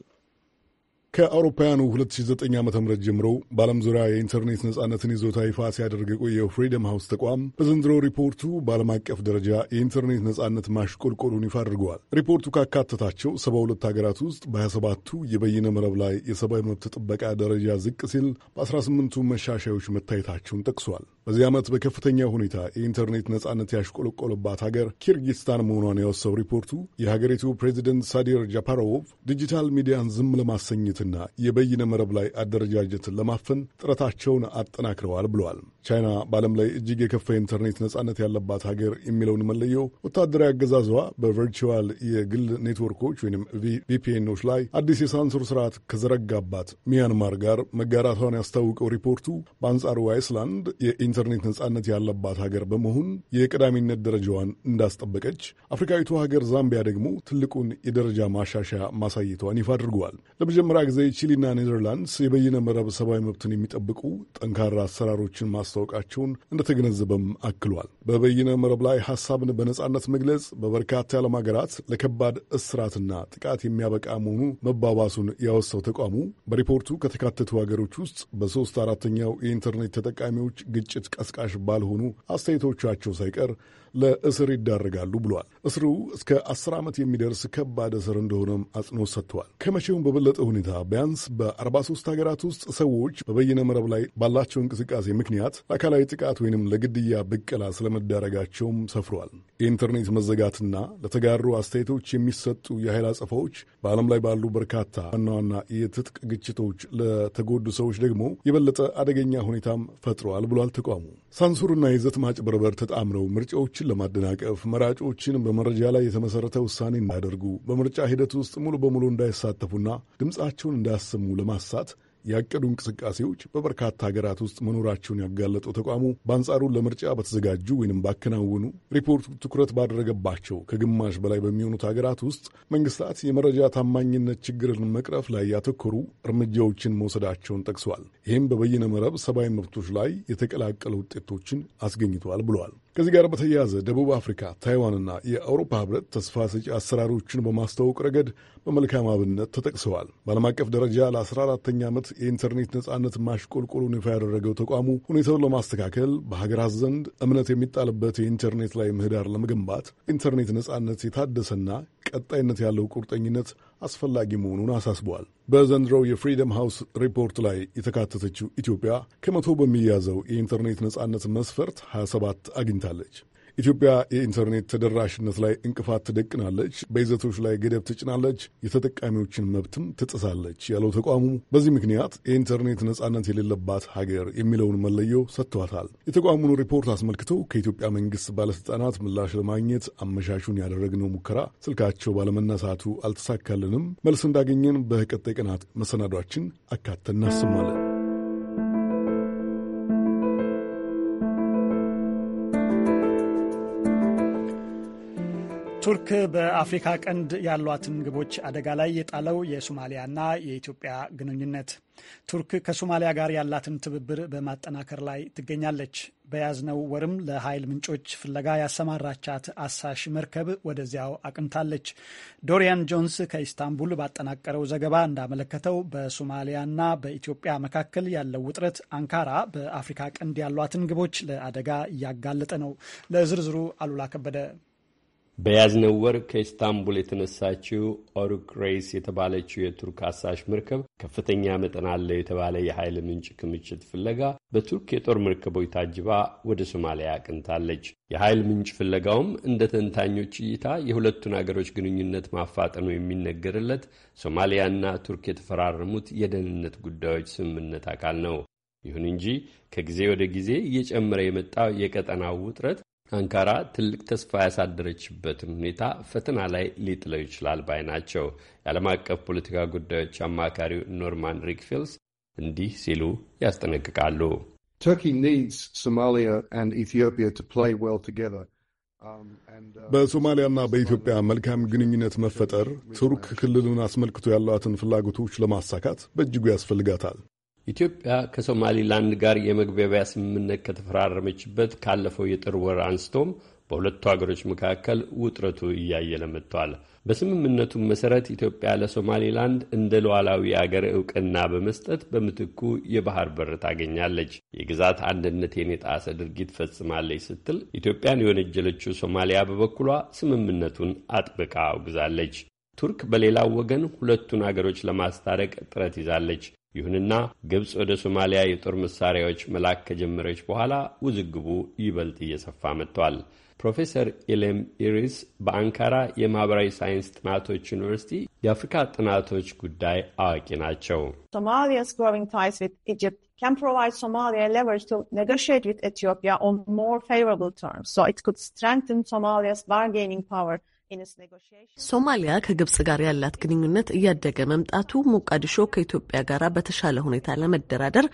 S11: ከአውሮፓውያኑ 2009 ዓ ም ጀምሮ በዓለም ዙሪያ የኢንተርኔት ነጻነትን ይዞታ ይፋ ሲያደርግ የቆየው ፍሪደም ሃውስ ተቋም በዘንድሮ ሪፖርቱ በዓለም አቀፍ ደረጃ የኢንተርኔት ነጻነት ማሽቆልቆሉን ይፋ አድርገዋል። ሪፖርቱ ካካተታቸው 72 ሀገራት ውስጥ በ27ቱ የበይነ መረብ ላይ የሰብአዊ መብት ጥበቃ ደረጃ ዝቅ ሲል በ18ቱ መሻሻዮች መታየታቸውን ጠቅሷል። በዚህ ዓመት በከፍተኛ ሁኔታ የኢንተርኔት ነጻነት ያሽቆለቆለባት ሀገር ኪርጊስታን መሆኗን ያወሳው ሪፖርቱ የሀገሪቱ ፕሬዚደንት ሳዲር ጃፓሮቭ ዲጂታል ሚዲያን ዝም ለማሰኘት ግንኙነትና የበይነ መረብ ላይ አደረጃጀትን ለማፈን ጥረታቸውን አጠናክረዋል ብለዋል። ቻይና በዓለም ላይ እጅግ የከፋ ኢንተርኔት ነጻነት ያለባት ሀገር የሚለውን መለየው ወታደራዊ አገዛዟ በቨርቹዋል የግል ኔትወርኮች ወይም ቪፒኤኖች ላይ አዲስ የሳንሱር ስርዓት ከዘረጋባት ሚያንማር ጋር መጋራቷን ያስታውቀው ሪፖርቱ በአንጻሩ አይስላንድ የኢንተርኔት ነጻነት ያለባት ሀገር በመሆን የቀዳሚነት ደረጃዋን እንዳስጠበቀች፣ አፍሪካዊቱ ሀገር ዛምቢያ ደግሞ ትልቁን የደረጃ ማሻሻያ ማሳየቷን ይፋ አድርገዋል። ለመጀመሪያ በተያያዘ ቺሊና ኔዘርላንድስ የበይነ መረብ ሰብአዊ መብትን የሚጠብቁ ጠንካራ አሰራሮችን ማስታወቃቸውን እንደተገነዘበም አክሏል። በበይነ መረብ ላይ ሀሳብን በነጻነት መግለጽ በበርካታ የዓለም ሀገራት ለከባድ እስራትና ጥቃት የሚያበቃ መሆኑ መባባሱን ያወሳው ተቋሙ በሪፖርቱ ከተካተቱ ሀገሮች ውስጥ በሦስት አራተኛው የኢንተርኔት ተጠቃሚዎች ግጭት ቀስቃሽ ባልሆኑ አስተያየቶቻቸው ሳይቀር ለእስር ይዳረጋሉ ብሏል። እስሩ እስከ አስር ዓመት የሚደርስ ከባድ እስር እንደሆነም አጽንኦት ሰጥተዋል። ከመቼውም በበለጠ ሁኔታ ቢያንስ በ43 ሀገራት ውስጥ ሰዎች በበይነ መረብ ላይ ባላቸው እንቅስቃሴ ምክንያት ለአካላዊ ጥቃት ወይንም ለግድያ ብቀላ ስለመዳረጋቸውም ሰፍሯል። የኢንተርኔት መዘጋትና ለተጋሩ አስተያየቶች የሚሰጡ የኃይል አጸፋዎች በዓለም ላይ ባሉ በርካታ ዋና ዋና የትጥቅ ግጭቶች ለተጎዱ ሰዎች ደግሞ የበለጠ አደገኛ ሁኔታም ፈጥረዋል ብሏል ተቋሙ። ሳንሱርና የዘት ማጭበርበር ተጣምረው ምርጫዎች ምርጫዎችን ለማደናቀፍ መራጮችን በመረጃ ላይ የተመሰረተ ውሳኔ እንዳያደርጉ፣ በምርጫ ሂደት ውስጥ ሙሉ በሙሉ እንዳይሳተፉና ድምፃቸውን እንዳያሰሙ ለማሳት ያቀዱ እንቅስቃሴዎች በበርካታ ሀገራት ውስጥ መኖራቸውን ያጋለጠው ተቋሙ በአንጻሩ ለምርጫ በተዘጋጁ ወይንም ባከናወኑ ሪፖርቱ ትኩረት ባደረገባቸው ከግማሽ በላይ በሚሆኑት ሀገራት ውስጥ መንግስታት የመረጃ ታማኝነት ችግርን መቅረፍ ላይ ያተኮሩ እርምጃዎችን መውሰዳቸውን ጠቅሰዋል። ይህም በበይነ መረብ ሰብአዊ መብቶች ላይ የተቀላቀለ ውጤቶችን አስገኝተዋል ብለዋል። ከዚህ ጋር በተያያዘ ደቡብ አፍሪካ፣ ታይዋንና የአውሮፓ ህብረት ተስፋ ሰጪ አሰራሮችን በማስተዋወቅ ረገድ በመልካም አብነት ተጠቅሰዋል። በዓለም አቀፍ ደረጃ ለ14ተኛ ዓመት የኢንተርኔት ነጻነት ማሽቆልቆሉን ይፋ ያደረገው ተቋሙ ሁኔታውን ለማስተካከል በሀገራት ዘንድ እምነት የሚጣልበት የኢንተርኔት ላይ ምህዳር ለመገንባት ኢንተርኔት ነጻነት የታደሰና ቀጣይነት ያለው ቁርጠኝነት አስፈላጊ መሆኑን አሳስበዋል። በዘንድሮው የፍሪደም ሃውስ ሪፖርት ላይ የተካተተችው ኢትዮጵያ ከመቶ በሚያዘው የኢንተርኔት ነጻነት መስፈርት 27 አግኝታለች። ኢትዮጵያ የኢንተርኔት ተደራሽነት ላይ እንቅፋት ትደቅናለች፣ በይዘቶች ላይ ገደብ ትጭናለች፣ የተጠቃሚዎችን መብትም ትጥሳለች ያለው ተቋሙ በዚህ ምክንያት የኢንተርኔት ነጻነት የሌለባት ሀገር የሚለውን መለዮ ሰጥቷታል። የተቋሙን ሪፖርት አስመልክቶ ከኢትዮጵያ መንግስት ባለስልጣናት ምላሽ ለማግኘት አመሻሹን ያደረግነው ሙከራ ስልካቸው ባለመነሳቱ አልተሳካልንም። መልስ እንዳገኘን በቀጣይ ቀናት መሰናዷችን አካተን እናስማለን።
S1: ቱርክ በአፍሪካ ቀንድ ያሏትን ግቦች አደጋ ላይ የጣለው የሶማሊያና የኢትዮጵያ ግንኙነት። ቱርክ ከሶማሊያ ጋር ያላትን ትብብር በማጠናከር ላይ ትገኛለች። በያዝነው ወርም ለኃይል ምንጮች ፍለጋ ያሰማራቻት አሳሽ መርከብ ወደዚያው አቅንታለች። ዶሪያን ጆንስ ከኢስታንቡል ባጠናቀረው ዘገባ እንዳመለከተው በሶማሊያና በኢትዮጵያ መካከል ያለው ውጥረት አንካራ በአፍሪካ ቀንድ ያሏትን ግቦች ለአደጋ እያጋለጠ ነው። ለዝርዝሩ አሉላ ከበደ
S15: በያዝነው ወር ከኢስታንቡል የተነሳችው ኦሩክ ሬይስ የተባለችው የቱርክ አሳሽ መርከብ ከፍተኛ መጠን አለው የተባለ የኃይል ምንጭ ክምችት ፍለጋ በቱርክ የጦር መርከቦች ታጅባ ወደ ሶማሊያ አቅንታለች። የኃይል ምንጭ ፍለጋውም እንደ ተንታኞች እይታ የሁለቱን አገሮች ግንኙነት ማፋጠኑ የሚነገርለት ሶማሊያና ቱርክ የተፈራረሙት የደህንነት ጉዳዮች ስምምነት አካል ነው። ይሁን እንጂ ከጊዜ ወደ ጊዜ እየጨመረ የመጣው የቀጠናው ውጥረት አንካራ ትልቅ ተስፋ ያሳደረችበትን ሁኔታ ፈተና ላይ ሊጥለው ይችላል ባይ ናቸው። የዓለም አቀፍ ፖለቲካ ጉዳዮች አማካሪው ኖርማን ሪክፊልስ እንዲህ ሲሉ ያስጠነቅቃሉ።
S11: um, uh, በሶማሊያና በኢትዮጵያ መልካም ግንኙነት መፈጠር ቱርክ ክልሉን አስመልክቶ ያሏትን ፍላጎቶች ለማሳካት በእጅጉ ያስፈልጋታል።
S15: ኢትዮጵያ ከሶማሊላንድ ጋር የመግባቢያ ስምምነት ከተፈራረመችበት ካለፈው የጥር ወር አንስቶም በሁለቱ ሀገሮች መካከል ውጥረቱ እያየለ መጥቷል። በስምምነቱም መሰረት ኢትዮጵያ ለሶማሌላንድ እንደ ሉዓላዊ አገር እውቅና በመስጠት በምትኩ የባህር በር ታገኛለች። የግዛት አንድነቴን የጣሰ ድርጊት ፈጽማለች ስትል ኢትዮጵያን የወነጀለችው ሶማሊያ በበኩሏ ስምምነቱን አጥብቃ አውግዛለች። ቱርክ በሌላው ወገን ሁለቱን አገሮች ለማስታረቅ ጥረት ይዛለች። ይሁንና ግብፅ ወደ ሶማሊያ የጦር መሳሪያዎች መላክ ከጀመረች በኋላ ውዝግቡ ይበልጥ እየሰፋ መጥቷል። ፕሮፌሰር ኢሌም ኢሪስ በአንካራ የማህበራዊ ሳይንስ ጥናቶች ዩኒቨርሲቲ የአፍሪካ ጥናቶች ጉዳይ አዋቂ ናቸው።
S5: ሶማሊያስ
S16: ሶማሊያ ከግብጽ ጋር ያላት ግንኙነት እያደገ መምጣቱ ሞቃዲሾ ከኢትዮጵያ ጋር በተሻለ ሁኔታ ለመደራደር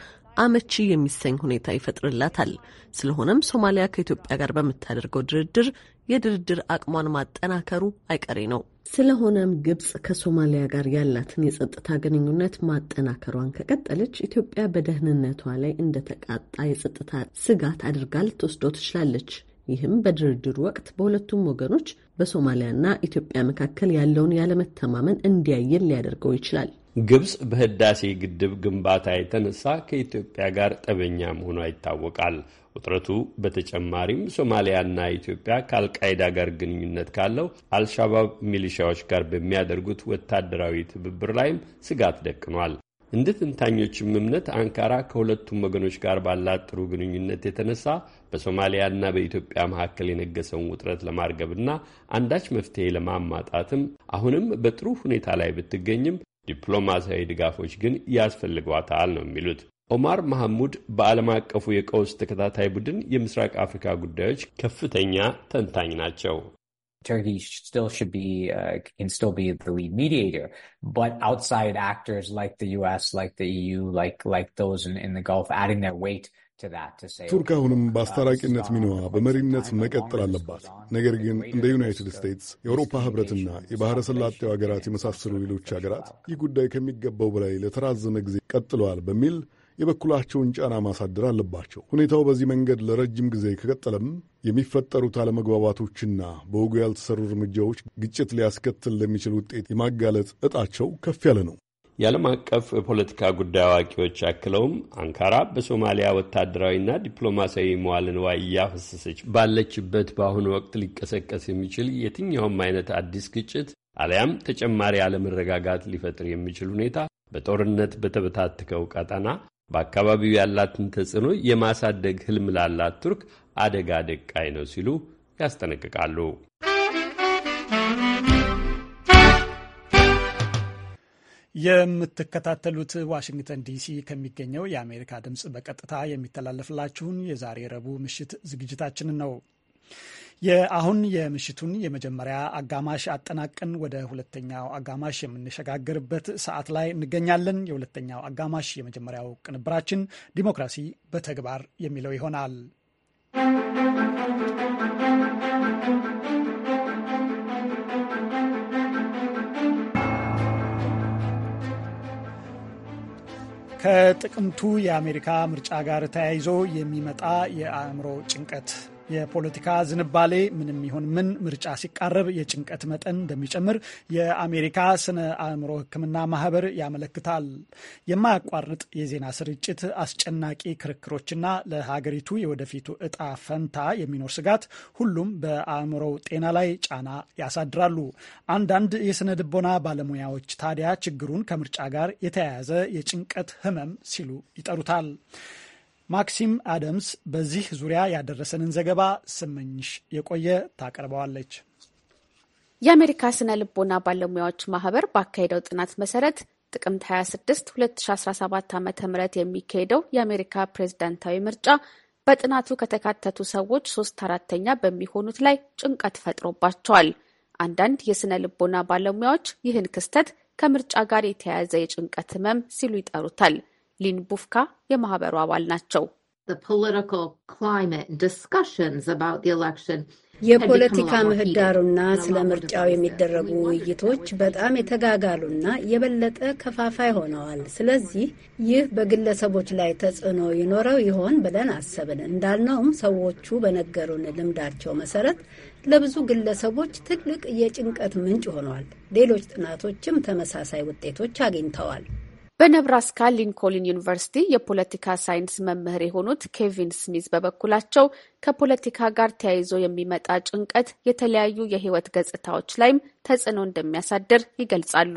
S16: አመቺ የሚሰኝ ሁኔታ ይፈጥርላታል። ስለሆነም ሶማሊያ ከኢትዮጵያ ጋር በምታደርገው ድርድር የድርድር አቅሟን ማጠናከሩ አይቀሬ ነው። ስለሆነም ግብጽ ከሶማሊያ ጋር ያላትን የጸጥታ ግንኙነት ማጠናከሯን ከቀጠለች ኢትዮጵያ በደህንነቷ ላይ እንደተቃጣ የጸጥታ ስጋት አድርጋ ልትወስደው ትችላለች። ይህም በድርድሩ ወቅት በሁለቱም ወገኖች በሶማሊያና ኢትዮጵያ መካከል ያለውን ያለመተማመን እንዲያየን ሊያደርገው ይችላል።
S15: ግብጽ በህዳሴ ግድብ ግንባታ የተነሳ ከኢትዮጵያ ጋር ጠበኛ መሆኗ ይታወቃል። ውጥረቱ በተጨማሪም ሶማሊያና ኢትዮጵያ ከአልቃይዳ ጋር ግንኙነት ካለው አልሻባብ ሚሊሻዎች ጋር በሚያደርጉት ወታደራዊ ትብብር ላይም ስጋት ደቅኗል። እንደ ተንታኞችም እምነት አንካራ ከሁለቱም ወገኖች ጋር ባላት ጥሩ ግንኙነት የተነሳ በሶማሊያና በኢትዮጵያ መካከል የነገሰውን ውጥረት ለማርገብና አንዳች መፍትሄ ለማማጣትም አሁንም በጥሩ ሁኔታ ላይ ብትገኝም ዲፕሎማሲያዊ ድጋፎች ግን ያስፈልጓታል ነው የሚሉት። ኦማር መሐሙድ በዓለም አቀፉ የቀውስ ተከታታይ ቡድን የምስራቅ አፍሪካ ጉዳዮች ከፍተኛ ተንታኝ ናቸው። Turkey still should be uh, can still be the lead mediator, but outside actors like the U.S., like the EU, like
S6: like those in, in the Gulf, adding their weight ቱርክ
S11: አሁንም በአስታራቂነት ሚናዋ በመሪነት መቀጠል አለባት። ነገር ግን እንደ ዩናይትድ ስቴትስ፣ የአውሮፓ ሕብረትና የባሕረ ሰላጤው ሀገራት የመሳሰሉ ሌሎች ሀገራት ይህ ጉዳይ ከሚገባው በላይ ለተራዘመ ጊዜ ቀጥለዋል በሚል የበኩላቸውን ጫና ማሳደር አለባቸው። ሁኔታው በዚህ መንገድ ለረጅም ጊዜ ከቀጠለም የሚፈጠሩት አለመግባባቶችና በወጉ ያልተሰሩ እርምጃዎች ግጭት ሊያስከትል ለሚችል ውጤት የማጋለጥ እጣቸው ከፍ ያለ ነው።
S15: የዓለም አቀፍ የፖለቲካ ጉዳይ አዋቂዎች አክለውም አንካራ በሶማሊያ ወታደራዊና ዲፕሎማሲያዊ መዋለ ንዋይ እያፈሰሰች ባለችበት በአሁኑ ወቅት ሊቀሰቀስ የሚችል የትኛውም አይነት አዲስ ግጭት አሊያም ተጨማሪ አለመረጋጋት ሊፈጥር የሚችል ሁኔታ በጦርነት በተበታተከው ቀጠና በአካባቢው ያላትን ተጽዕኖ የማሳደግ ህልም ላላት ቱርክ አደጋ ደቃይ ነው ሲሉ ያስጠነቅቃሉ።
S1: የምትከታተሉት ዋሽንግተን ዲሲ ከሚገኘው የአሜሪካ ድምፅ በቀጥታ የሚተላለፍላችሁን የዛሬ ረቡዕ ምሽት ዝግጅታችንን ነው። የአሁን የምሽቱን የመጀመሪያ አጋማሽ አጠናቀን ወደ ሁለተኛው አጋማሽ የምንሸጋገርበት ሰዓት ላይ እንገኛለን። የሁለተኛው አጋማሽ የመጀመሪያው ቅንብራችን ዲሞክራሲ በተግባር የሚለው ይሆናል። ከጥቅምቱ የአሜሪካ ምርጫ ጋር ተያይዞ የሚመጣ የአእምሮ ጭንቀት የፖለቲካ ዝንባሌ ምንም ይሁን ምን ምርጫ ሲቃረብ የጭንቀት መጠን እንደሚጨምር የአሜሪካ ስነ አእምሮ ሕክምና ማህበር ያመለክታል። የማያቋርጥ የዜና ስርጭት፣ አስጨናቂ ክርክሮችና ለሀገሪቱ የወደፊቱ እጣ ፈንታ የሚኖር ስጋት ሁሉም በአእምሮው ጤና ላይ ጫና ያሳድራሉ። አንዳንድ የስነ ልቦና ባለሙያዎች ታዲያ ችግሩን ከምርጫ ጋር የተያያዘ የጭንቀት ህመም ሲሉ ይጠሩታል። ማክሲም አደምስ በዚህ ዙሪያ ያደረሰንን ዘገባ ስመኝሽ የቆየ ታቀርበዋለች።
S17: የአሜሪካ ስነ ልቦና ባለሙያዎች ማህበር ባካሄደው ጥናት መሰረት ጥቅምት 26 2017 ዓ ም የሚካሄደው የአሜሪካ ፕሬዝዳንታዊ ምርጫ በጥናቱ ከተካተቱ ሰዎች ሶስት አራተኛ በሚሆኑት ላይ ጭንቀት ፈጥሮባቸዋል። አንዳንድ የስነ ልቦና ባለሙያዎች ይህን ክስተት ከምርጫ ጋር የተያያዘ የጭንቀት ህመም ሲሉ ይጠሩታል። ሊን ቡፍካ የማህበሩ አባል ናቸው።
S13: የፖለቲካ ምህዳሩና ስለ ምርጫው የሚደረጉ ውይይቶች በጣም የተጋጋሉና የበለጠ ከፋፋይ ሆነዋል። ስለዚህ ይህ በግለሰቦች ላይ ተጽዕኖ ይኖረው ይሆን ብለን አሰብን። እንዳልነውም ሰዎቹ በነገሩን ልምዳቸው መሰረት ለብዙ ግለሰቦች ትልቅ የጭንቀት ምንጭ ሆኗል። ሌሎች ጥናቶችም ተመሳሳይ ውጤቶች አግኝተዋል። በነብራስካ ሊንኮልን ዩኒቨርሲቲ
S17: የፖለቲካ ሳይንስ መምህር የሆኑት ኬቪን ስሚዝ በበኩላቸው ከፖለቲካ ጋር ተያይዞ የሚመጣ ጭንቀት የተለያዩ የህይወት ገጽታዎች ላይም ተጽዕኖ እንደሚያሳድር
S1: ይገልጻሉ።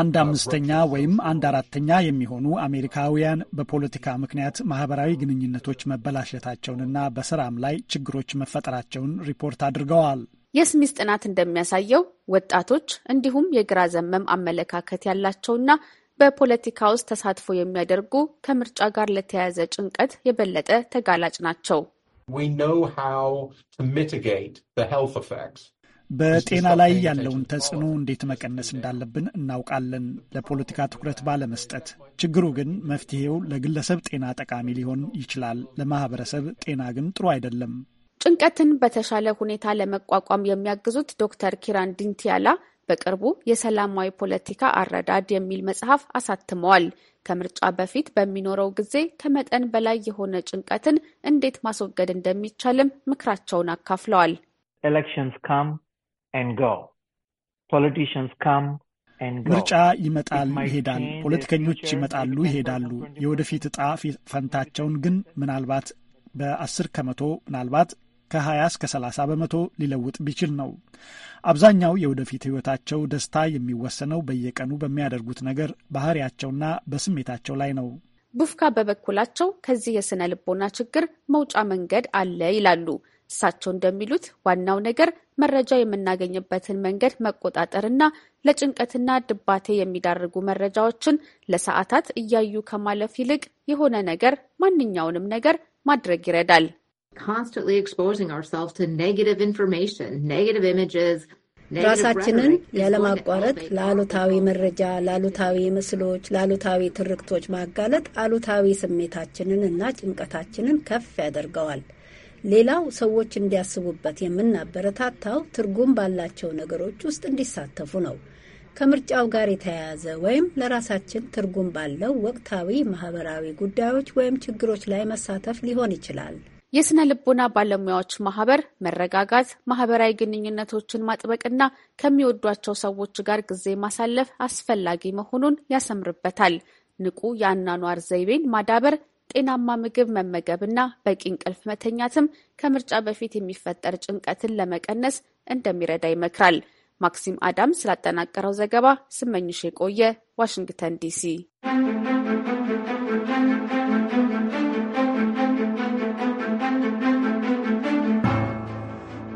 S14: አንድ አምስተኛ
S1: ወይም አንድ አራተኛ የሚሆኑ አሜሪካውያን በፖለቲካ ምክንያት ማህበራዊ ግንኙነቶች መበላሸታቸውንና በስራም ላይ ችግሮች መፈጠራቸውን ሪፖርት አድርገዋል።
S17: የስሚዝ ጥናት እንደሚያሳየው ወጣቶች እንዲሁም የግራ ዘመም አመለካከት ያላቸውና በፖለቲካ ውስጥ ተሳትፎ የሚያደርጉ ከምርጫ ጋር ለተያያዘ ጭንቀት የበለጠ
S1: ተጋላጭ ናቸው። በጤና ላይ ያለውን ተጽዕኖ እንዴት መቀነስ እንዳለብን እናውቃለን፣ ለፖለቲካ ትኩረት ባለመስጠት። ችግሩ ግን መፍትሄው ለግለሰብ ጤና ጠቃሚ ሊሆን ይችላል፣ ለማህበረሰብ ጤና ግን ጥሩ አይደለም።
S17: ጭንቀትን በተሻለ ሁኔታ ለመቋቋም የሚያግዙት ዶክተር ኪራን ዲንቲያላ በቅርቡ የሰላማዊ ፖለቲካ አረዳድ የሚል መጽሐፍ አሳትመዋል። ከምርጫ በፊት በሚኖረው ጊዜ ከመጠን በላይ የሆነ ጭንቀትን እንዴት ማስወገድ እንደሚቻልም ምክራቸውን አካፍለዋል።
S8: ምርጫ ይመጣል ይሄዳል። ፖለቲከኞች
S1: ይመጣሉ ይሄዳሉ። የወደፊት ዕጣ ፈንታቸውን ግን ምናልባት በአስር ከመቶ ምናልባት ከ20 እስከ 30 በመቶ ሊለውጥ ቢችል ነው። አብዛኛው የወደፊት ህይወታቸው ደስታ የሚወሰነው በየቀኑ በሚያደርጉት ነገር፣ ባህሪያቸውና በስሜታቸው ላይ ነው።
S17: ቡፍካ በበኩላቸው ከዚህ የስነ ልቦና ችግር መውጫ መንገድ አለ ይላሉ። እሳቸው እንደሚሉት ዋናው ነገር መረጃ የምናገኝበትን መንገድ መቆጣጠርና ለጭንቀትና ድባቴ የሚዳርጉ መረጃዎችን ለሰዓታት እያዩ ከማለፍ ይልቅ የሆነ ነገር ማንኛውንም ነገር ማድረግ ይረዳል። ራሳችንን
S13: ያለማቋረጥ ለአሉታዊ መረጃ፣ ለአሉታዊ ምስሎች፣ ለአሉታዊ ትርክቶች ማጋለጥ አሉታዊ ስሜታችንን እና ጭንቀታችንን ከፍ ያደርገዋል። ሌላው ሰዎች እንዲያስቡበት የምናበረታታው ትርጉም ባላቸው ነገሮች ውስጥ እንዲሳተፉ ነው። ከምርጫው ጋር የተያያዘ ወይም ለራሳችን ትርጉም ባለው ወቅታዊ ማህበራዊ ጉዳዮች ወይም ችግሮች ላይ መሳተፍ ሊሆን ይችላል።
S17: የስነ ልቦና ባለሙያዎች ማህበር መረጋጋት፣ ማህበራዊ ግንኙነቶችን ማጥበቅና ከሚወዷቸው ሰዎች ጋር ጊዜ ማሳለፍ አስፈላጊ መሆኑን ያሰምርበታል። ንቁ የአኗኗር ዘይቤን ማዳበር፣ ጤናማ ምግብ መመገብና በቂ እንቅልፍ መተኛትም ከምርጫ በፊት የሚፈጠር ጭንቀትን ለመቀነስ እንደሚረዳ ይመክራል። ማክሲም አዳም ስላጠናቀረው ዘገባ ስመኝሽ የቆየ ዋሽንግተን ዲሲ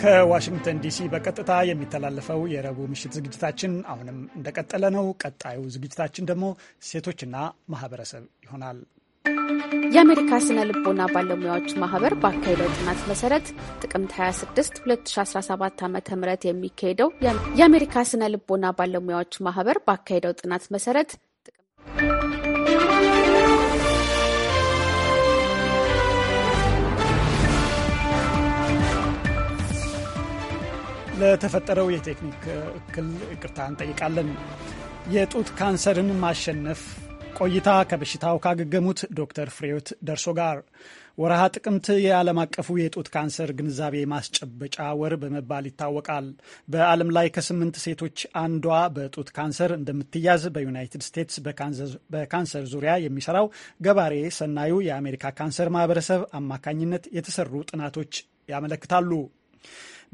S1: ከዋሽንግተን ዲሲ በቀጥታ የሚተላለፈው የረቡዕ ምሽት ዝግጅታችን አሁንም እንደቀጠለ ነው። ቀጣዩ ዝግጅታችን ደግሞ ሴቶችና ማህበረሰብ ይሆናል።
S17: የአሜሪካ ስነ ልቦና ባለሙያዎች ማህበር ባካሄደው ጥናት መሰረት ጥቅምት 26 2017 ዓ ም የሚካሄደው የአሜሪካ ስነ ልቦና ባለሙያዎች ማህበር ባካሄደው ጥናት መሰረት
S1: ለተፈጠረው የቴክኒክ እክል ይቅርታ እንጠይቃለን። የጡት ካንሰርን ማሸነፍ ቆይታ ከበሽታው ካገገሙት ዶክተር ፍሬዮት ደርሶ ጋር ወረሃ ጥቅምት የዓለም አቀፉ የጡት ካንሰር ግንዛቤ ማስጨበጫ ወር በመባል ይታወቃል። በዓለም ላይ ከስምንት ሴቶች አንዷ በጡት ካንሰር እንደምትያዝ በዩናይትድ ስቴትስ በካንሰር ዙሪያ የሚሰራው ገባሬ ሰናዩ የአሜሪካ ካንሰር ማህበረሰብ አማካኝነት የተሰሩ ጥናቶች ያመለክታሉ።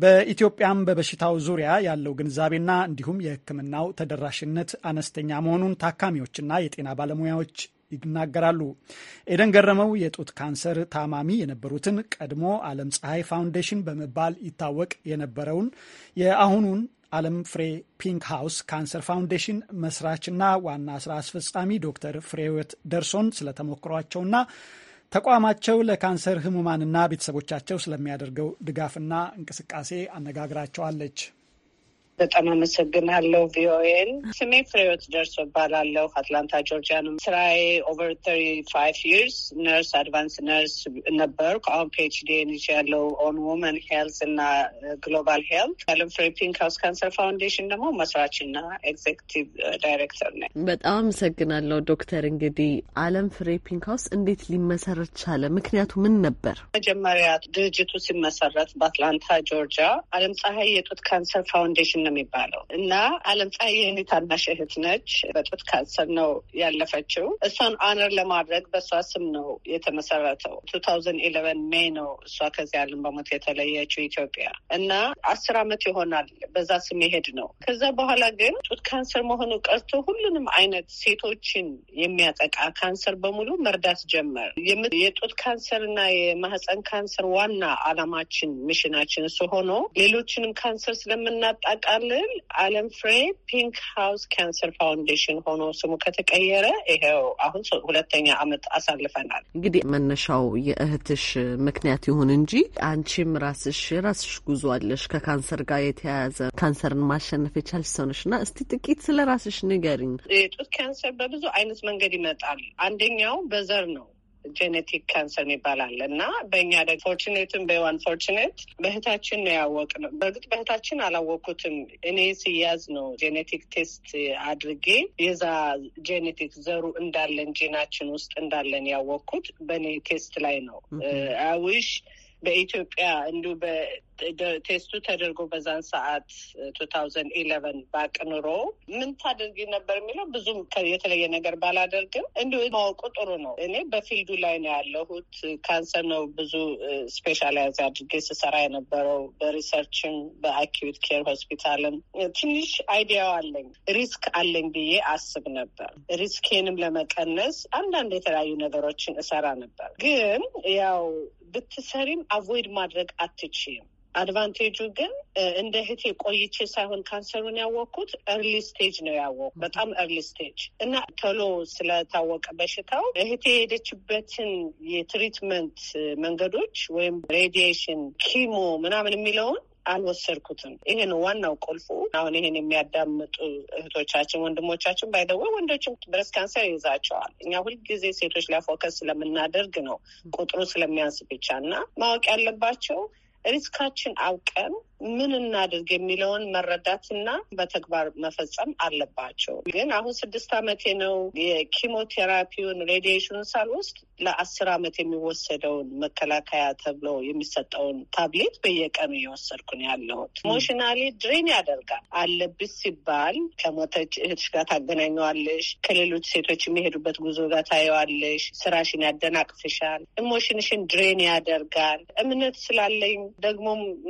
S1: በኢትዮጵያም በበሽታው ዙሪያ ያለው ግንዛቤና እንዲሁም የሕክምናው ተደራሽነት አነስተኛ መሆኑን ታካሚዎችና የጤና ባለሙያዎች ይናገራሉ። ኤደን ገረመው የጡት ካንሰር ታማሚ የነበሩትን ቀድሞ ዓለም ፀሐይ ፋውንዴሽን በመባል ይታወቅ የነበረውን የአሁኑን ዓለም ፍሬ ፒንክ ሃውስ ካንሰር ፋውንዴሽን መስራችና ዋና ስራ አስፈጻሚ ዶክተር ፍሬህይወት ደርሶን ስለተሞክሯቸውና ተቋማቸው ለካንሰር ህሙማንና ቤተሰቦቻቸው ስለሚያደርገው ድጋፍና እንቅስቃሴ አነጋግራቸዋለች።
S5: በጣም አመሰግናለሁ ቪኦኤን። ስሜ ፍሬዎት ደርሶ እባላለሁ። አትላንታ ጆርጂያ ነው። ስራዬ ኦቨር ተሪ ፋይቭ ይርስ ነርስ አድቫንስ ነርስ ነበርኩ። አሁን ፒኤችዲ ያለው ኦን ውመን ሄልት እና ግሎባል ሄልት ዓለም ፍሬ ፒንክ ሀውስ ካንሰር ፋውንዴሽን ደግሞ መስራችና ኤግዜክቲቭ ዳይሬክተር ነ
S16: በጣም አመሰግናለሁ ዶክተር። እንግዲህ አለም ፍሬ ፒንክ ሀውስ እንዴት ሊመሰረት ቻለ? ምክንያቱ ምን ነበር?
S5: መጀመሪያ ድርጅቱ ሲመሰረት በአትላንታ ጆርጂያ አለም ፀሐይ የጡት ካንሰር ፋውንዴሽን ነው የሚባለው እና አለም ፀሐይ የእኔ ታናሽ እህት ነች። በጡት ካንሰር ነው ያለፈችው። እሷን አነር ለማድረግ በእሷ ስም ነው የተመሰረተው። ቱ ታውዘንድ ኢለቨን ሜይ ነው እሷ ከዚህ ዓለም በሞት የተለየችው ኢትዮጵያ እና አስር አመት ይሆናል በዛ ስም ይሄድ ነው። ከዛ በኋላ ግን ጡት ካንሰር መሆኑ ቀርቶ ሁሉንም አይነት ሴቶችን የሚያጠቃ ካንሰር በሙሉ መርዳት ጀመር። የጡት ካንሰር እና የማህፀን ካንሰር ዋና አላማችን ሚሽናችን እሱ ሆኖ ሌሎችንም ካንሰር ስለምናጣቃ ሲመጣልን አለም ፍሬ ፒንክ ሃውስ ካንሰር ፋውንዴሽን ሆኖ ስሙ ከተቀየረ ይኸው አሁን ሁለተኛ ዓመት አሳልፈናል።
S16: እንግዲህ መነሻው የእህትሽ ምክንያት ይሁን እንጂ አንቺም ራስሽ የራስሽ ጉዞ አለሽ ከካንሰር ጋር የተያያዘ ካንሰርን ማሸነፍ የቻልሽ ሰው ነሽ እና እስቲ ጥቂት ስለ ራስሽ ንገሪኝ።
S5: የጡት ካንሰር በብዙ አይነት መንገድ ይመጣል። አንደኛው በዘር ነው። ጄኔቲክ ካንሰር የሚባል አለ እና በእኛ ደግሞ ፎርቹኔትን በአንፎርቹኔት በህታችን ነው ያወቅ ነው። በእርግጥ በህታችን አላወቅኩትም። እኔ ስያዝ ነው ጄኔቲክ ቴስት አድርጌ የዛ ጄኔቲክ ዘሩ እንዳለን ጄናችን ውስጥ እንዳለን ያወቅኩት በእኔ ቴስት ላይ ነው አዊሽ በኢትዮጵያ እንዲሁ ቴስቱ ተደርጎ በዛን ሰዓት ቱ ታውዘንድ ኢለቨን ባቅ ኑሮ ምን ታደርጊ ነበር የሚለው ብዙም የተለየ ነገር ባላደርግም እንዲሁ ማወቁ ጥሩ ነው። እኔ በፊልዱ ላይ ነው ያለሁት። ካንሰር ነው ብዙ ስፔሻላይዝ አድርጌ ስሰራ የነበረው በሪሰርችም በአኪዩት ኬር ሆስፒታልም ትንሽ አይዲያው አለኝ ሪስክ አለኝ ብዬ አስብ ነበር። ሪስኬንም ለመቀነስ አንዳንድ የተለያዩ ነገሮችን እሰራ ነበር። ግን ያው ብትሰሪም አቮይድ ማድረግ አትችይም። አድቫንቴጁ ግን እንደ እህቴ ቆይቼ ሳይሆን ካንሰሩን ያወቅኩት ኤርሊ ስቴጅ ነው ያወቅኩት፣ በጣም ኤርሊ ስቴጅ እና ቶሎ ስለታወቀ በሽታው እህቴ የሄደችበትን የትሪትመንት መንገዶች ወይም ሬዲዬሽን፣ ኪሞ ምናምን የሚለውን አልወሰድኩትም። ይህን ዋናው ቁልፉ። አሁን ይሄን የሚያዳምጡ እህቶቻችን ወንድሞቻችን፣ ባይደወ ወንዶችም ብረስ ካንሰር ይዛቸዋል። እኛ ሁልጊዜ ሴቶች ላይ ፎከስ ስለምናደርግ ነው ቁጥሩ ስለሚያንስ ብቻ እና ማወቅ ያለባቸው ሪስካችን አውቀን ምን እናድርግ የሚለውን መረዳትና በተግባር መፈጸም አለባቸው። ግን አሁን ስድስት ዓመቴ ነው የኪሞቴራፒውን ሬዲዬሽኑን ሳልወስድ ለአስር ዓመት የሚወሰደውን መከላከያ ተብሎ የሚሰጠውን ታብሌት በየቀኑ እየወሰድኩ ነው ያለሁት። ኢሞሽናሊ ድሬን ያደርጋል። አለብሽ ሲባል ከሞተች እህትሽ ጋር ታገናኘዋለሽ፣ ከሌሎች ሴቶች የሚሄዱበት ጉዞ ጋር ታየዋለሽ፣ ስራሽን ያደናቅፍሻል፣ ኢሞሽንሽን ድሬን ያደርጋል። እምነት ስላለኝ ደግሞ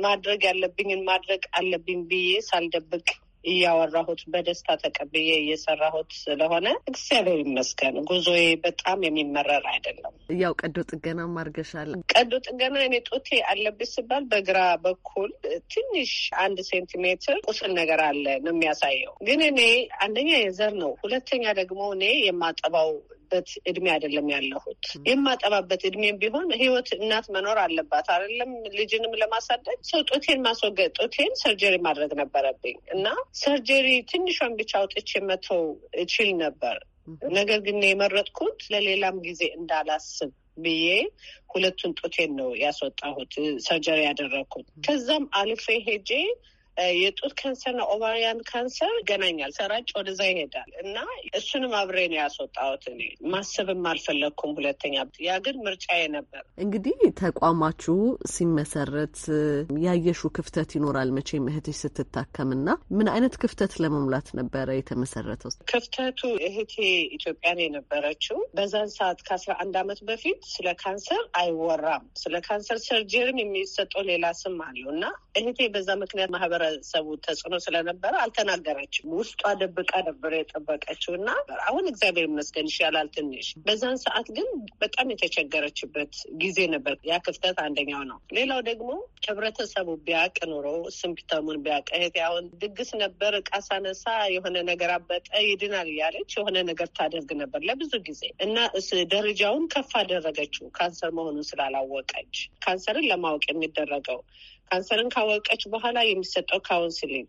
S5: ማድረግ ያለብኝ ያለብኝን ማድረግ አለብኝ ብዬ ሳልደብቅ እያወራሁት በደስታ ተቀብዬ እየሰራሁት ስለሆነ እግዚአብሔር ይመስገን። ጉዞዬ በጣም የሚመረር አይደለም።
S16: ያው ቀዶ ጥገና ማርገሻል።
S5: ቀዶ ጥገና እኔ ጡቴ አለብኝ ሲባል በግራ በኩል ትንሽ አንድ ሴንቲሜትር ቁስል ነገር አለ ነው የሚያሳየው። ግን እኔ አንደኛ የዘር ነው፣ ሁለተኛ ደግሞ እኔ የማጠባው የማጠባበት እድሜ አይደለም ያለሁት። የማጠባበት እድሜም ቢሆን ህይወት እናት መኖር አለባት አይደለም። ልጅንም ለማሳደግ ሰው ጡቴን ማስወገድ ጡቴን ሰርጀሪ ማድረግ ነበረብኝ እና ሰርጀሪ ትንሿን ብቻ አውጥቼ መተው እችል ነበር። ነገር ግን የመረጥኩት ለሌላም ጊዜ እንዳላስብ ብዬ ሁለቱን ጡቴን ነው ያስወጣሁት፣ ሰርጀሪ ያደረግኩት። ከዛም አልፌ ሄጄ የጡት ካንሰርና ኦቫሪያን ካንሰር ይገናኛል። ሰራጭ ወደዛ ይሄዳል እና እሱንም አብሬን ያስወጣሁት እኔ ማሰብም አልፈለግኩም። ሁለተኛ ያ ግን ምርጫዬ ነበር።
S16: እንግዲህ ተቋማችሁ ሲመሰረት ያየሹ ክፍተት ይኖራል መቼም እህትሽ ስትታከምና ምን አይነት ክፍተት ለመሙላት ነበረ የተመሰረተው?
S5: ክፍተቱ እህቴ ኢትዮጵያን የነበረችው በዛን ሰዓት ከአስራ አንድ አመት በፊት ስለ ካንሰር አይወራም። ስለ ካንሰር ሰርጀሪም የሚሰጠው ሌላ ስም አለው እና እህቴ በዛ ምክንያት ማህበረ ማህበረሰቡ ተጽዕኖ ስለነበረ አልተናገረችም። ውስጧ ደብቃ ነበረ የጠበቀችው እና አሁን እግዚአብሔር ይመስገን ይሻላል ትንሽ። በዛን ሰዓት ግን በጣም የተቸገረችበት ጊዜ ነበር። ያ ክፍተት አንደኛው ነው። ሌላው ደግሞ ህብረተሰቡ ቢያቅ ኑሮ ስምፕተሙን ቢያቅ እህቴ አሁን ድግስ ነበር እቃ ሳነሳ የሆነ ነገር አበጠ ይድናል እያለች የሆነ ነገር ታደርግ ነበር ለብዙ ጊዜ እና ደረጃውን ከፍ አደረገችው ካንሰር መሆኑን ስላላወቀች ካንሰርን ለማወቅ የሚደረገው ካንሰርን ካወቀች በኋላ የሚሰጠው ካውንስሊንግ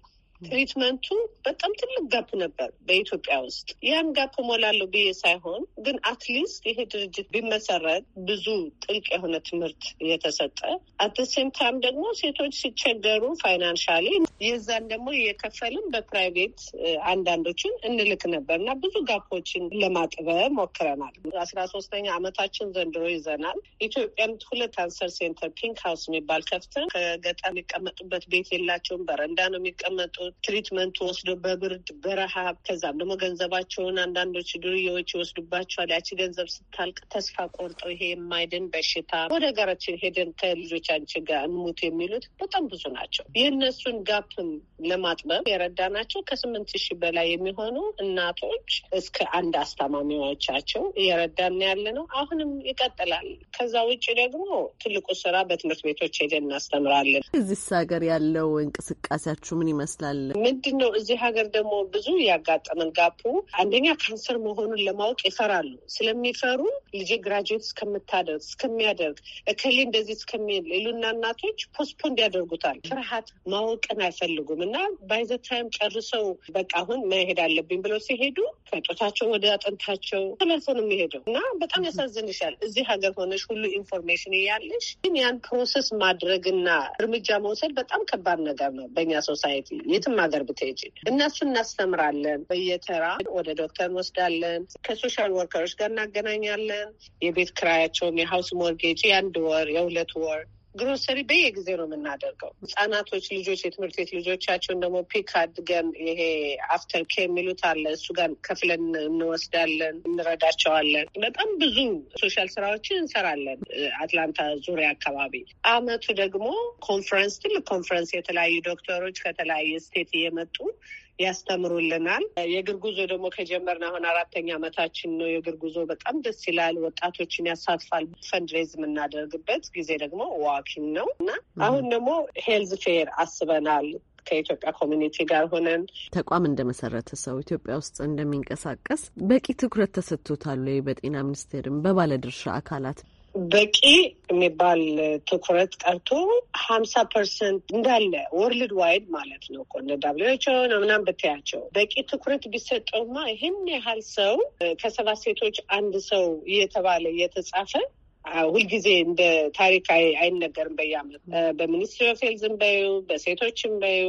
S5: ትሪትመንቱ በጣም ትልቅ ጋፕ ነበር በኢትዮጵያ ውስጥ። ያን ጋፕ ሞላለሁ ብዬ ሳይሆን ግን አትሊስት ይሄ ድርጅት ቢመሰረት ብዙ ጥልቅ የሆነ ትምህርት የተሰጠ አት ሴም ታይም ደግሞ ሴቶች ሲቸገሩ ፋይናንሻሊ የዛን ደግሞ እየከፈልን በፕራይቬት አንዳንዶችን እንልክ ነበር እና ብዙ ጋፖችን ለማጥበብ ሞክረናል። አስራ ሶስተኛ አመታችን ዘንድሮ ይዘናል። ኢትዮጵያም ሁለት አንሰር ሴንተር ፒንክ ሀውስ የሚባል ከፍተን ከገጠር የሚቀመጡበት ቤት የላቸውም፣ በረንዳ ነው የሚቀመጡት ትሪትመንት ወስዶ በብርድ በረሃብ ከዛም ደግሞ ገንዘባቸውን አንዳንዶች ዱርዬዎች ይወስዱባቸዋል። ያቺ ገንዘብ ስታልቅ ተስፋ ቆርጠው ይሄ የማይድን በሽታ ወደ ሀገራችን ሄደን ከልጆች አንቺ ጋር እንሙት የሚሉት በጣም ብዙ ናቸው። የእነሱን ጋፕም ለማጥበብ የረዳ ናቸው። ከስምንት ሺህ በላይ የሚሆኑ እናቶች እስከ አንድ አስታማሚዎቻቸው እየረዳን ያለ ነው። አሁንም ይቀጥላል። ከዛ ውጭ ደግሞ ትልቁ ስራ በትምህርት ቤቶች ሄደን እናስተምራለን።
S16: እዚህ ሀገር ያለው እንቅስቃሴያችሁ ምን ይመስላል? ምንድን
S5: ነው እዚህ ሀገር ደግሞ ብዙ ያጋጠመን ጋፑ አንደኛ ካንሰር መሆኑን ለማወቅ ይፈራሉ። ስለሚፈሩ ልጄ ግራጁዌት እስከምታደርግ እስከሚያደርግ እከሌ እንደዚህ እስከሚል ሉና እናቶች ፖስፖንድ ያደርጉታል። ፍርሃት ማወቅን አይፈልጉም እና ባይዘ ታይም ጨርሰው በቃ አሁን መሄድ አለብኝ ብለው ሲሄዱ ከጦታቸው ወደ አጥንታቸው ተመልሶ ነው የሚሄደው እና በጣም ያሳዝንሻል። እዚህ ሀገር ሆነሽ ሁሉ ኢንፎርሜሽን እያለሽ ግን ያን ፕሮሰስ ማድረግና እርምጃ መውሰድ በጣም ከባድ ነገር ነው በእኛ ሶሳይቲ የትም ሀገር ብትሄጂ እነሱ እናስተምራለን። በየተራ ወደ ዶክተር እንወስዳለን። ከሶሻል ወርከሮች ጋር እናገናኛለን። የቤት ክራያቸውን የሀውስ ሞርጌጅ የአንድ ወር የሁለት ወር ግሮሰሪ በየጊዜው ነው የምናደርገው። ህጻናቶች ልጆች የትምህርት ቤት ልጆቻቸውን ደግሞ ፒክ አድገን ይሄ አፍተር ኬ የሚሉት አለ። እሱ ጋር ከፍለን እንወስዳለን፣ እንረዳቸዋለን። በጣም ብዙ ሶሻል ስራዎችን እንሰራለን አትላንታ ዙሪያ አካባቢ። አመቱ ደግሞ ኮንፈረንስ፣ ትልቅ ኮንፈረንስ የተለያዩ ዶክተሮች ከተለያየ ስቴት እየመጡ ያስተምሩልናል። የእግር ጉዞ ደግሞ ከጀመርን አሁን አራተኛ ዓመታችን ነው። የእግር ጉዞ በጣም ደስ ይላል። ወጣቶችን ያሳትፋል። ፈንድሬዝ የምናደርግበት ጊዜ ደግሞ ዋኪን ነው እና አሁን ደግሞ ሄልዝ ፌር አስበናል ከኢትዮጵያ ኮሚኒቲ ጋር ሆነን
S16: ተቋም እንደመሰረተ ሰው ኢትዮጵያ ውስጥ እንደሚንቀሳቀስ በቂ ትኩረት ተሰጥቶታል ወይ? በጤና ሚኒስቴርም በባለድርሻ አካላት
S5: በቂ የሚባል ትኩረት ቀርቶ ሀምሳ ፐርሰንት እንዳለ ወርልድ ዋይድ ማለት ነው እኮ እነ ዳብሊውኤችኦ ምናምን ብትያቸው በቂ ትኩረት ቢሰጠውማ ይህን ያህል ሰው ከሰባት ሴቶች አንድ ሰው እየተባለ እየተጻፈ ሁልጊዜ እንደ ታሪክ አይነገርም። በየዓመቱ በሚኒስትሪ ኦፍ ሄልዝም በዩ በሴቶችም በዩ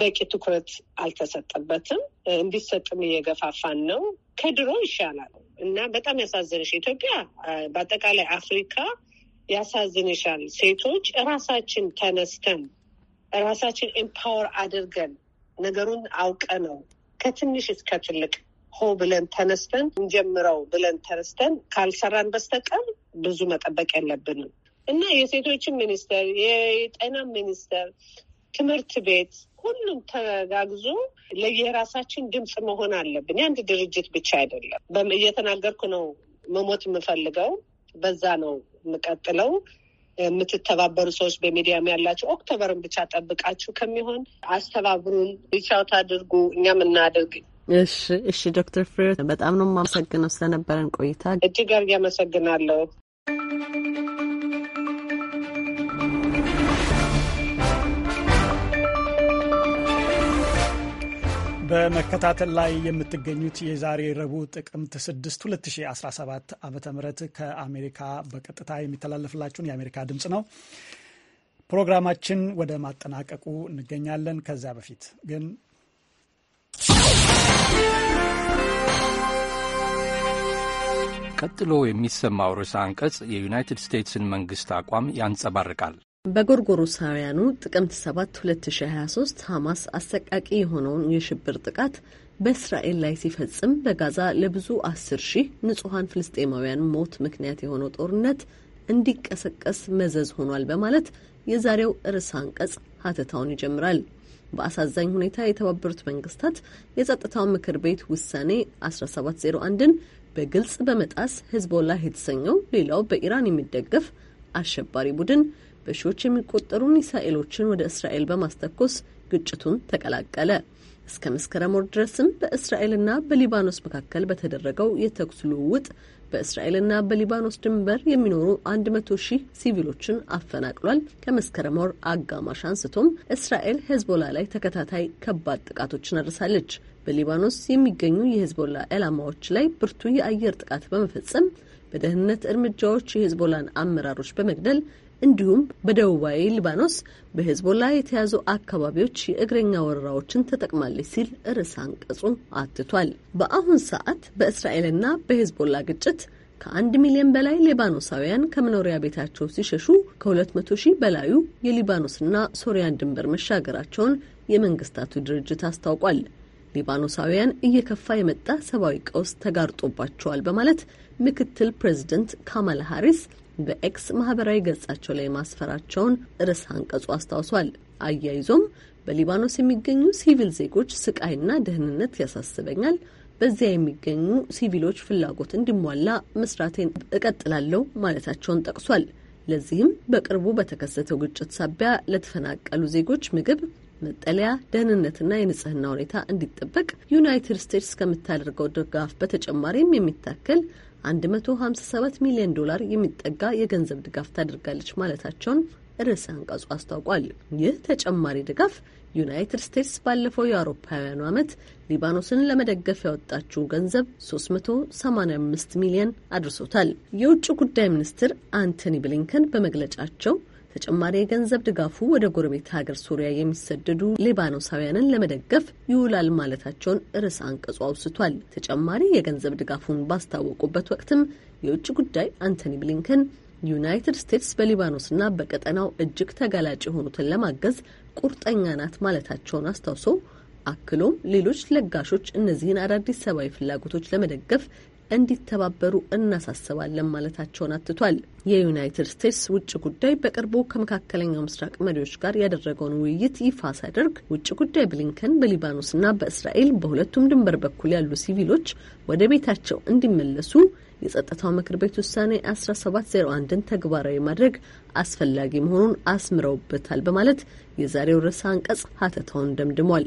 S5: በቂ ትኩረት አልተሰጠበትም። እንዲሰጥም እየገፋፋን ነው። ከድሮ ይሻላል። እና በጣም ያሳዝንሽ ኢትዮጵያ፣ በአጠቃላይ አፍሪካ ያሳዝንሻል። ሴቶች እራሳችን ተነስተን ራሳችን ኤምፓወር አድርገን ነገሩን አውቀ ነው ከትንሽ እስከ ትልቅ ሆ ብለን ተነስተን እንጀምረው ብለን ተነስተን ካልሰራን በስተቀር ብዙ መጠበቅ ያለብንም እና የሴቶችን ሚኒስቴር፣ የጤና ሚኒስቴር፣ ትምህርት ቤት ሁሉም ተጋግዞ ለየራሳችን ድምፅ መሆን አለብን። የአንድ ድርጅት ብቻ አይደለም። እየተናገርኩ ነው መሞት የምፈልገው በዛ ነው የምቀጥለው። የምትተባበሩ ሰዎች በሚዲያም ያላቸው ኦክቶበርን ብቻ ጠብቃችሁ ከሚሆን አስተባብሩን፣ ሪቻውት አድርጉ፣ እኛም እናድርግ።
S16: እሺ፣ እሺ ዶክተር ፍሬ በጣም ነው የማመሰግነው ስለነበረን ቆይታ እጅግ አድርጌ አመሰግናለሁ።
S1: በመከታተል ላይ የምትገኙት የዛሬ ረቡዕ ጥቅምት 6 2017 ዓ ም ከአሜሪካ በቀጥታ የሚተላለፍላችሁን የአሜሪካ ድምፅ ነው። ፕሮግራማችን ወደ ማጠናቀቁ እንገኛለን። ከዚያ በፊት ግን
S2: ቀጥሎ የሚሰማው ርዕሰ አንቀጽ የዩናይትድ ስቴትስን መንግስት አቋም ያንጸባርቃል።
S16: በጎርጎሮሳውያኑ ጥቅምት 7 2023 ሐማስ አሰቃቂ የሆነውን የሽብር ጥቃት በእስራኤል ላይ ሲፈጽም በጋዛ ለብዙ አስር ሺህ ንጹሐን ፍልስጤማውያን ሞት ምክንያት የሆነው ጦርነት እንዲቀሰቀስ መዘዝ ሆኗል በማለት የዛሬው ርዕሰ አንቀጽ ሀተታውን ይጀምራል። በአሳዛኝ ሁኔታ የተባበሩት መንግስታት የጸጥታው ምክር ቤት ውሳኔ 1701ን በግልጽ በመጣስ ህዝቦላህ የተሰኘው ሌላው በኢራን የሚደገፍ አሸባሪ ቡድን በሺዎች የሚቆጠሩ ሚሳኤሎችን ወደ እስራኤል በማስተኮስ ግጭቱን ተቀላቀለ። እስከ መስከረም ወር ድረስም በእስራኤልና በሊባኖስ መካከል በተደረገው የተኩስ ልውውጥ በእስራኤልና በሊባኖስ ድንበር የሚኖሩ 100 ሺህ ሲቪሎችን አፈናቅሏል። ከመስከረም ወር አጋማሽ አንስቶም እስራኤል ሄዝቦላ ላይ ተከታታይ ከባድ ጥቃቶችን አድርሳለች። በሊባኖስ የሚገኙ የሄዝቦላ ዓላማዎች ላይ ብርቱ የአየር ጥቃት በመፈጸም በደህንነት እርምጃዎች የሄዝቦላን አመራሮች በመግደል እንዲሁም በደቡባዊ ሊባኖስ በሄዝቦላ የተያዙ አካባቢዎች የእግረኛ ወረራዎችን ተጠቅማለች ሲል ርዕስ አንቀጹ አትቷል። በአሁን ሰዓት በእስራኤልና በሄዝቦላ ግጭት ከአንድ ሚሊዮን በላይ ሊባኖሳውያን ከመኖሪያ ቤታቸው ሲሸሹ ከሁለት መቶ ሺህ በላዩ የሊባኖስና ሶሪያን ድንበር መሻገራቸውን የመንግስታቱ ድርጅት አስታውቋል። ሊባኖሳውያን እየከፋ የመጣ ሰብአዊ ቀውስ ተጋርጦባቸዋል በማለት ምክትል ፕሬዚደንት ካማላ ሀሪስ በኤክስ ማህበራዊ ገጻቸው ላይ ማስፈራቸውን ርዕሰ አንቀጹ አስታውሷል። አያይዞም በሊባኖስ የሚገኙ ሲቪል ዜጎች ስቃይና ደህንነት ያሳስበኛል። በዚያ የሚገኙ ሲቪሎች ፍላጎት እንዲሟላ መስራቴን እቀጥላለሁ ማለታቸውን ጠቅሷል። ለዚህም በቅርቡ በተከሰተው ግጭት ሳቢያ ለተፈናቀሉ ዜጎች ምግብ፣ መጠለያ፣ ደህንነትና የንጽህና ሁኔታ እንዲጠበቅ ዩናይትድ ስቴትስ ከምታደርገው ድጋፍ በተጨማሪም የሚታከል 157 ሚሊዮን ዶላር የሚጠጋ የገንዘብ ድጋፍ ታደርጋለች ማለታቸውን ርዕሰ አንቀጹ አስታውቋል። ይህ ተጨማሪ ድጋፍ ዩናይትድ ስቴትስ ባለፈው የአውሮፓውያኑ ዓመት ሊባኖስን ለመደገፍ ያወጣችው ገንዘብ 385 ሚሊዮን አድርሶታል። የውጭ ጉዳይ ሚኒስትር አንቶኒ ብሊንከን በመግለጫቸው ተጨማሪ የገንዘብ ድጋፉ ወደ ጎረቤት ሀገር ሱሪያ የሚሰደዱ ሊባኖሳውያንን ለመደገፍ ይውላል ማለታቸውን ርዕስ አንቀጹ አውስቷል። ተጨማሪ የገንዘብ ድጋፉን ባስታወቁበት ወቅትም የውጭ ጉዳይ አንቶኒ ብሊንከን ዩናይትድ ስቴትስ በሊባኖስና በቀጠናው እጅግ ተጋላጭ የሆኑትን ለማገዝ ቁርጠኛ ናት ማለታቸውን አስታውሶ አክሎም ሌሎች ለጋሾች እነዚህን አዳዲስ ሰብአዊ ፍላጎቶች ለመደገፍ እንዲተባበሩ እናሳስባለን ማለታቸውን አትቷል። የዩናይትድ ስቴትስ ውጭ ጉዳይ በቅርቡ ከመካከለኛው ምስራቅ መሪዎች ጋር ያደረገውን ውይይት ይፋ ሲያደርግ ውጭ ጉዳይ ብሊንከን በሊባኖስና በእስራኤል በሁለቱም ድንበር በኩል ያሉ ሲቪሎች ወደ ቤታቸው እንዲመለሱ የጸጥታው ምክር ቤት ውሳኔ 1701ን ተግባራዊ ማድረግ አስፈላጊ መሆኑን አስምረውበታል በማለት የዛሬው ርዕሰ አንቀጽ ሀተታውን ደምድሟል።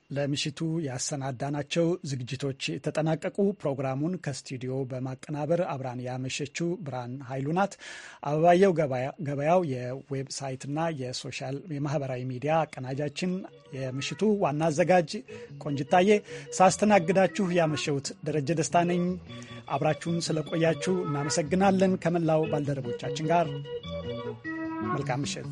S1: ለምሽቱ ያሰናዳናቸው ዝግጅቶች ተጠናቀቁ። ፕሮግራሙን ከስቱዲዮ በማቀናበር አብራን ያመሸችው ብርሃን ኃይሉ ናት። አበባየው ገበያው የዌብሳይትና የሶሻል የማህበራዊ ሚዲያ አቀናጃችን፣ የምሽቱ ዋና አዘጋጅ ቆንጅታዬ፣ ሳስተናግዳችሁ ያመሸሁት ደረጀ ደስታ ነኝ። አብራችሁን ስለቆያችሁ እናመሰግናለን። ከመላው ባልደረቦቻችን ጋር መልካም ምሽት።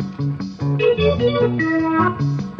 S9: Thank you.